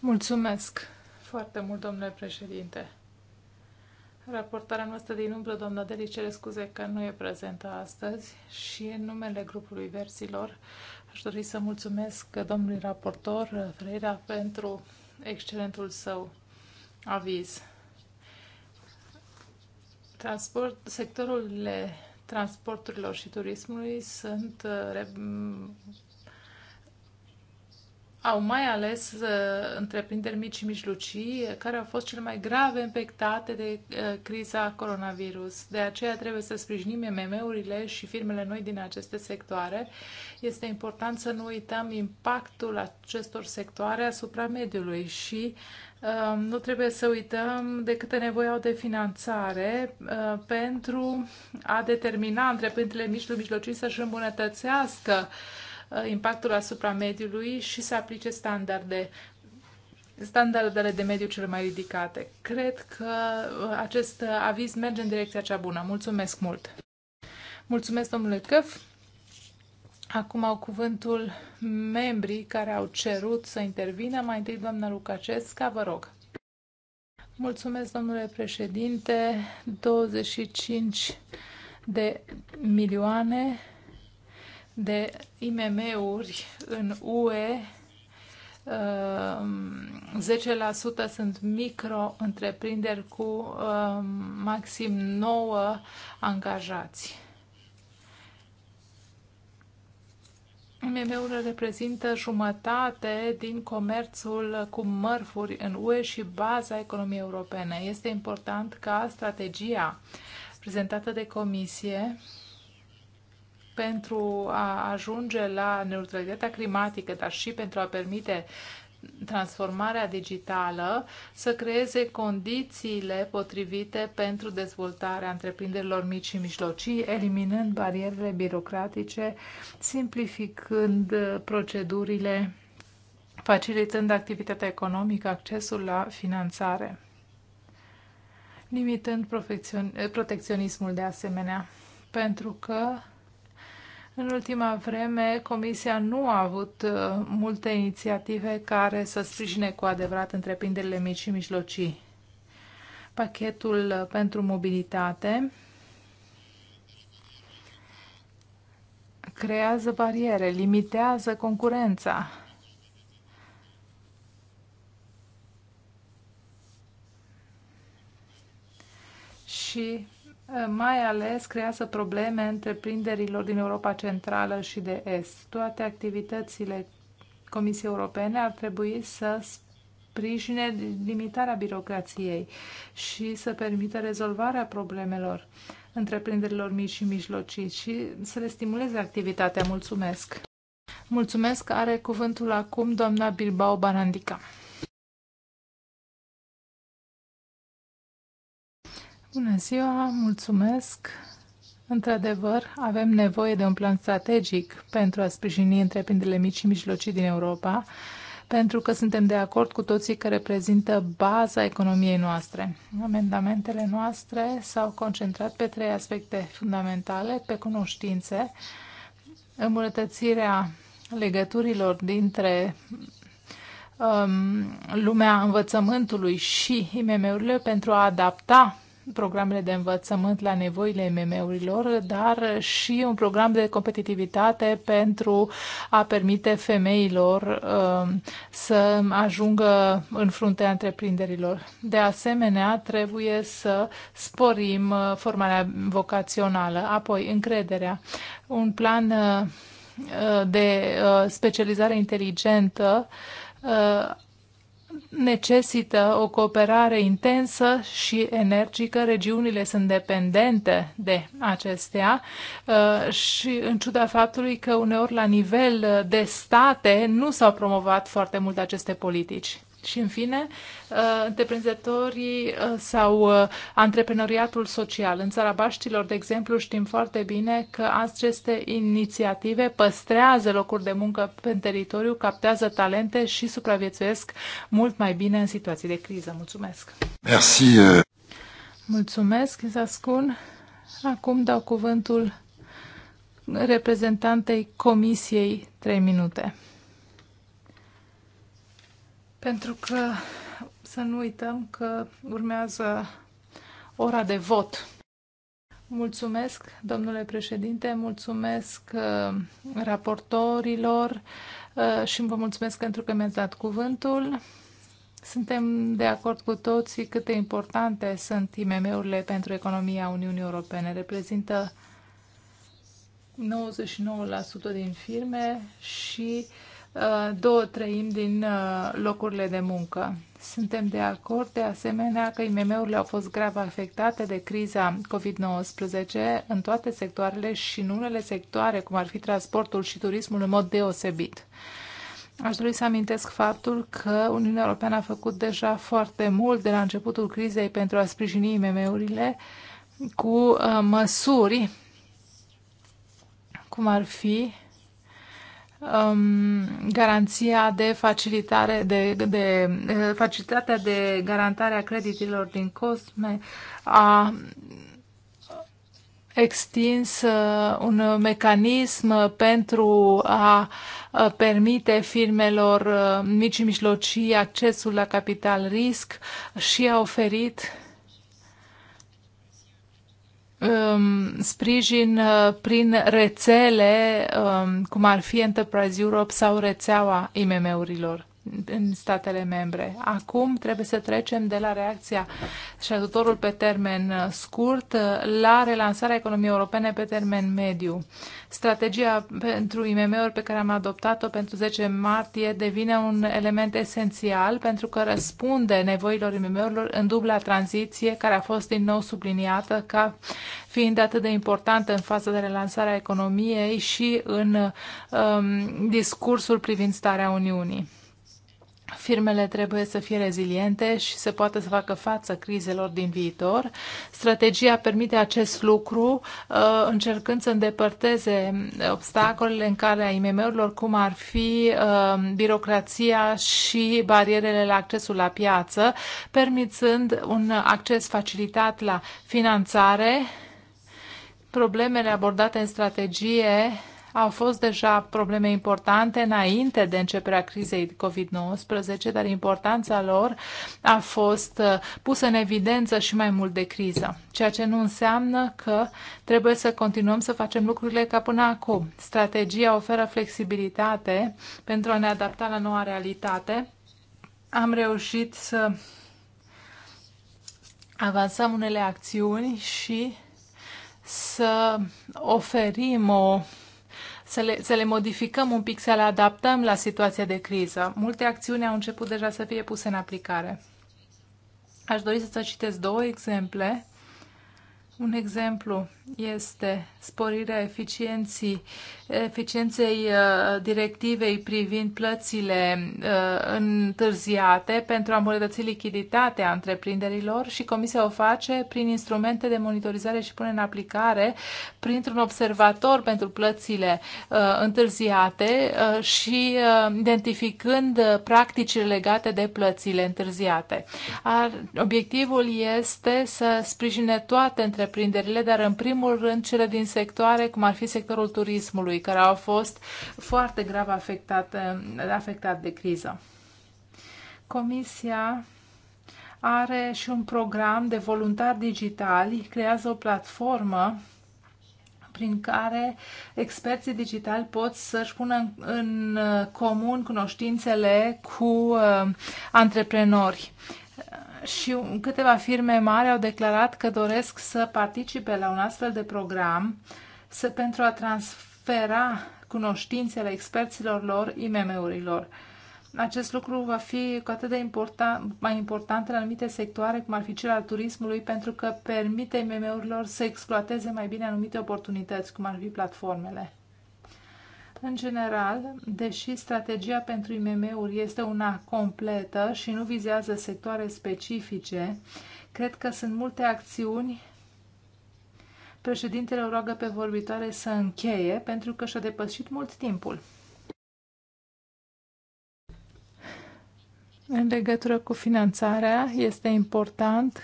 Mulțumesc foarte mult, domnule președinte. Raportarea noastră din umbră, doamna Deli, cere scuze că nu e prezentă astăzi și în numele grupului versilor Aș dori să mulțumesc domnului raportor Freira pentru excelentul său aviz. Transport, sectorul transporturilor și turismului sunt au mai ales uh, întreprinderi mici și mijlocii uh, care au fost cel mai grave impactate de uh, criza coronavirus. De aceea trebuie să sprijinim MM-urile și firmele noi din aceste sectoare. Este important să nu uităm impactul acestor sectoare asupra mediului și uh, nu trebuie să uităm de câte nevoie au de finanțare uh, pentru a determina întreprinderile mici și mijlocii să-și îmbunătățească uh, Uh, impactul asupra mediului și să aplice standarde standardele de mediu cele mai ridicate. Cred că uh, acest uh, aviz merge în direcția cea bună. Mulțumesc mult! Mulțumesc, domnule Căf! Acum au cuvântul membrii care au cerut să intervină. Mai întâi, doamna Lucacesca, vă rog. Mulțumesc, domnule președinte. 25 de milioane de IMM-uri în UE 10% um, sunt micro-întreprinderi cu um, maxim 9 angajați. IMM-urile reprezintă jumătate din comerțul cu mărfuri în UE și baza economiei europene. Este important ca strategia prezentată de comisie pentru a ajunge la neutralitatea climatică, dar și pentru a permite transformarea digitală, să creeze condițiile potrivite pentru dezvoltarea întreprinderilor mici și mijlocii, eliminând barierele birocratice, simplificând procedurile, facilitând activitatea economică, accesul la finanțare, limitând protecționismul de asemenea, pentru că în ultima vreme, Comisia nu a avut uh, multe inițiative care să sprijine cu adevărat întreprinderile mici și mijlocii. Pachetul uh, pentru mobilitate creează bariere, limitează concurența. Și mai ales creează probleme întreprinderilor din Europa Centrală și de Est. Toate activitățile Comisiei Europene ar trebui să sprijine limitarea birocrației și să permită rezolvarea problemelor întreprinderilor mici și mijlocii și să le stimuleze activitatea. Mulțumesc! Mulțumesc! Are cuvântul acum doamna Bilbao Barandica. Bună ziua, mulțumesc. Într-adevăr, avem nevoie de un plan strategic pentru a sprijini întreprinderile mici și mijlocii din Europa, pentru că suntem de acord cu toții că reprezintă baza economiei noastre. Amendamentele noastre s-au concentrat pe trei aspecte fundamentale, pe cunoștințe, îmbunătățirea legăturilor dintre um, lumea învățământului și IMM-urile pentru a adapta programele de învățământ la nevoile MM-urilor, dar și un program de competitivitate pentru a permite femeilor um, să ajungă în fruntea întreprinderilor. De asemenea, trebuie să sporim uh, formarea vocațională, apoi încrederea, un plan uh, de uh, specializare inteligentă necesită o cooperare intensă și energică. Regiunile sunt dependente de acestea uh, și în ciuda faptului că uneori la nivel de state nu s-au promovat foarte mult aceste politici. Și, în fine, uh, întreprinzătorii uh, sau uh, antreprenoriatul social. În țara Baștilor, de exemplu, știm foarte bine că aceste inițiative păstrează locuri de muncă pe teritoriu, captează talente și supraviețuiesc mult mai bine în situații de criză. Mulțumesc! Merci. Mulțumesc, Zascun. Acum dau cuvântul reprezentantei Comisiei 3 minute. Pentru că să nu uităm că urmează ora de vot. Mulțumesc, domnule președinte, mulțumesc uh, raportorilor uh, și vă mulțumesc pentru că mi-ați dat cuvântul. Suntem de acord cu toții cât de importante sunt IMM-urile pentru economia Uniunii Europene. Reprezintă 99% din firme și uh, Uh, două treimi din uh, locurile de muncă. Suntem de acord, de asemenea, că IMM-urile au fost grav afectate de criza COVID-19 în toate sectoarele și în unele sectoare, cum ar fi transportul și turismul, în mod deosebit. Aș dori să amintesc faptul că Uniunea Europeană a făcut deja foarte mult de la începutul crizei pentru a sprijini IMM-urile cu uh, măsuri cum ar fi um, garanția de facilitare, de, de, de facilitatea de garantare a creditelor din COSME a extins uh, un mecanism pentru a uh, permite firmelor uh, mici și mijlocii accesul la capital risc și a oferit Um, sprijin uh, prin rețele, um, cum ar fi Enterprise Europe sau rețeaua IMM-urilor în statele membre. Acum trebuie să trecem de la reacția și ajutorul pe termen uh, scurt uh, la relansarea economiei europene pe termen mediu. Strategia pentru IMM-uri pe care am adoptat-o pentru 10 martie devine un element esențial pentru că răspunde nevoilor IMM-urilor în dubla tranziție care a fost din nou subliniată ca fiind atât de importantă în faza de relansare a economiei și în um, discursul privind starea Uniunii. Firmele trebuie să fie reziliente și să poată să facă față crizelor din viitor. Strategia permite acest lucru, uh, încercând să îndepărteze obstacolele în care a IMM-urilor, cum ar fi uh, birocrația și barierele la accesul la piață, permițând un acces facilitat la finanțare. Problemele abordate în strategie au fost deja probleme importante înainte de începerea crizei COVID-19, dar importanța lor a fost uh, pusă în evidență și mai mult de criză, ceea ce nu înseamnă că trebuie să continuăm să facem lucrurile ca până acum. Strategia oferă flexibilitate pentru a ne adapta la noua realitate. Am reușit să avansăm unele acțiuni și să oferim o să le, să le modificăm un pic, să le adaptăm la situația de criză. Multe acțiuni au început deja să fie puse în aplicare. Aș dori să-ți citesc două exemple. Un exemplu este sporirea eficienței, eficienței uh, directivei privind plățile uh, întârziate pentru a îmbunătăți lichiditatea întreprinderilor și Comisia o face prin instrumente de monitorizare și pune în aplicare printr-un observator pentru plățile uh, întârziate și identificând practicile legate de plățile întârziate. obiectivul este să sprijine toate întreprinderile, dar în primul primul rând cele din sectoare, cum ar fi sectorul turismului, care au fost foarte grav afectat, afectat de criză. Comisia are și un program de voluntari digitali, creează o platformă prin care experții digitali pot să-și pună în, în uh, comun cunoștințele cu uh, antreprenori și câteva firme mari au declarat că doresc să participe la un astfel de program să, pentru a transfera cunoștințele experților lor IMM-urilor. Acest lucru va fi cu atât de important, mai important în anumite sectoare, cum ar fi cel al turismului, pentru că permite IMM-urilor să exploateze mai bine anumite oportunități, cum ar fi platformele. În general, deși strategia pentru IMM-uri este una completă și nu vizează sectoare specifice, cred că sunt multe acțiuni Președintele roagă pe vorbitoare să încheie pentru că și-a depășit mult timpul. În legătură cu finanțarea, este important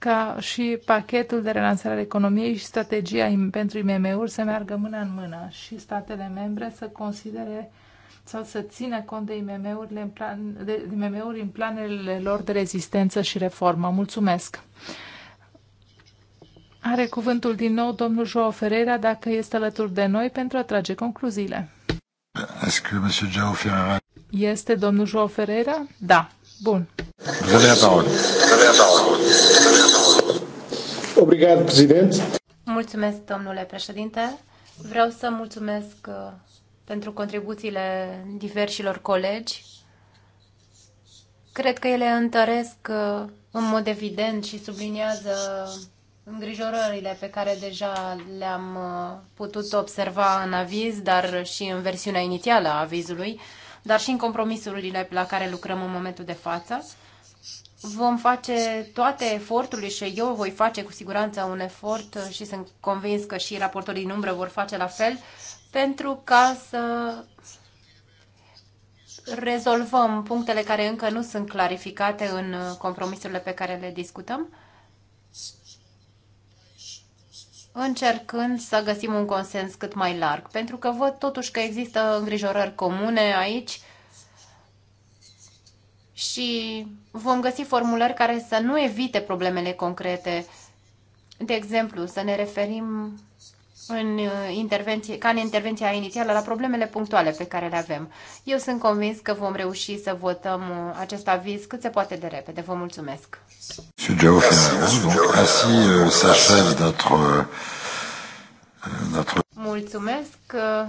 ca și pachetul de relansare a economiei și strategia pentru IMM-uri să meargă mână în mână și statele membre să considere sau să țină cont de IMM-urile în, plan, de IMM-uri în planele lor de rezistență și reformă. Mulțumesc! Are cuvântul din nou domnul João Ferreira dacă este alături de noi pentru a trage concluziile. Este domnul João Ferreira? Da. Bun. Vă la Obrigat, prezident. Mulțumesc, domnule președinte. Vreau să mulțumesc uh, pentru contribuțiile diversilor colegi. Cred că ele întăresc uh, în mod evident și subliniază îngrijorările pe care deja le-am uh, putut observa în aviz, dar și în versiunea inițială a avizului, dar și în compromisurile la care lucrăm în momentul de față. Vom face toate eforturile și eu voi face cu siguranță un efort și sunt convins că și raportorii din umbră vor face la fel pentru ca să rezolvăm punctele care încă nu sunt clarificate în compromisurile pe care le discutăm, încercând să găsim un consens cât mai larg, pentru că văd totuși că există îngrijorări comune aici și vom găsi formulări care să nu evite problemele concrete. De exemplu, să ne referim în uh, intervenție, ca în intervenția inițială la problemele punctuale pe care le avem. Eu sunt convins că vom reuși să votăm uh, acest aviz cât se poate de repede. Vă mulțumesc. Euh, euh, mulțumesc. Uh,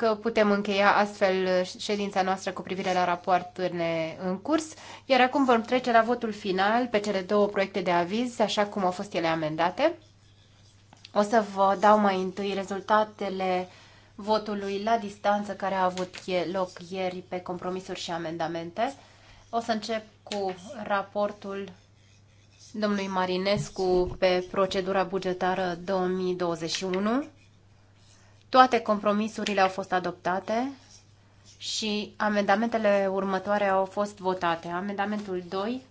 că putem încheia astfel ședința noastră cu privire la rapoarturile în curs, iar acum vom trece la votul final pe cele două proiecte de aviz, așa cum au fost ele amendate. O să vă dau mai întâi rezultatele votului la distanță care a avut loc ieri pe compromisuri și amendamente. O să încep cu raportul domnului Marinescu pe procedura bugetară 2021. Toate compromisurile au fost adoptate și amendamentele următoare au fost votate. Amendamentul 2,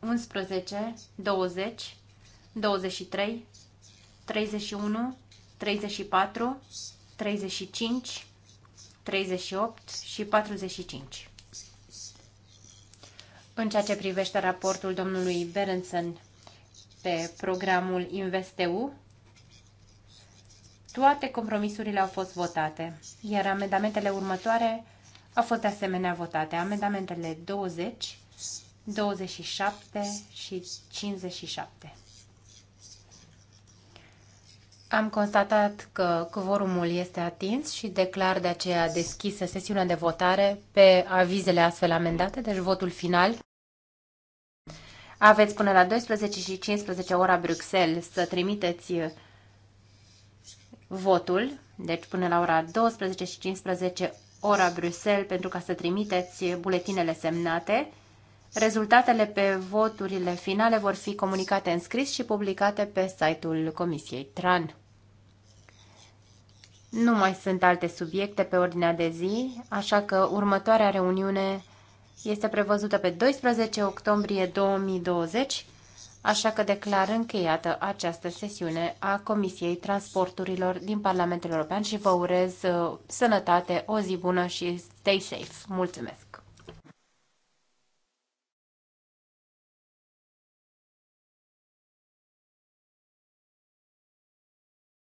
11, 20, 23, 31, 34, 35, 38 și 45. În ceea ce privește raportul domnului Berenson pe programul InvestEU, toate compromisurile au fost votate, iar amendamentele următoare au fost de asemenea votate. Amendamentele 20, 27 și 57. Am constatat că cvorumul este atins și declar de aceea deschisă sesiunea de votare pe avizele astfel amendate, deci votul final. Aveți până la 12 și 15 ora Bruxelles să trimiteți votul, deci până la ora 12 și 15 ora Bruxelles pentru ca să trimiteți buletinele semnate. Rezultatele pe voturile finale vor fi comunicate în scris și publicate pe site-ul Comisiei TRAN. Nu mai sunt alte subiecte pe ordinea de zi, așa că următoarea reuniune este prevăzută pe 12 octombrie 2020 Așa că declar încheiată această sesiune a Comisiei Transporturilor din Parlamentul European și vă urez uh, sănătate, o zi bună și stay safe. Mulțumesc!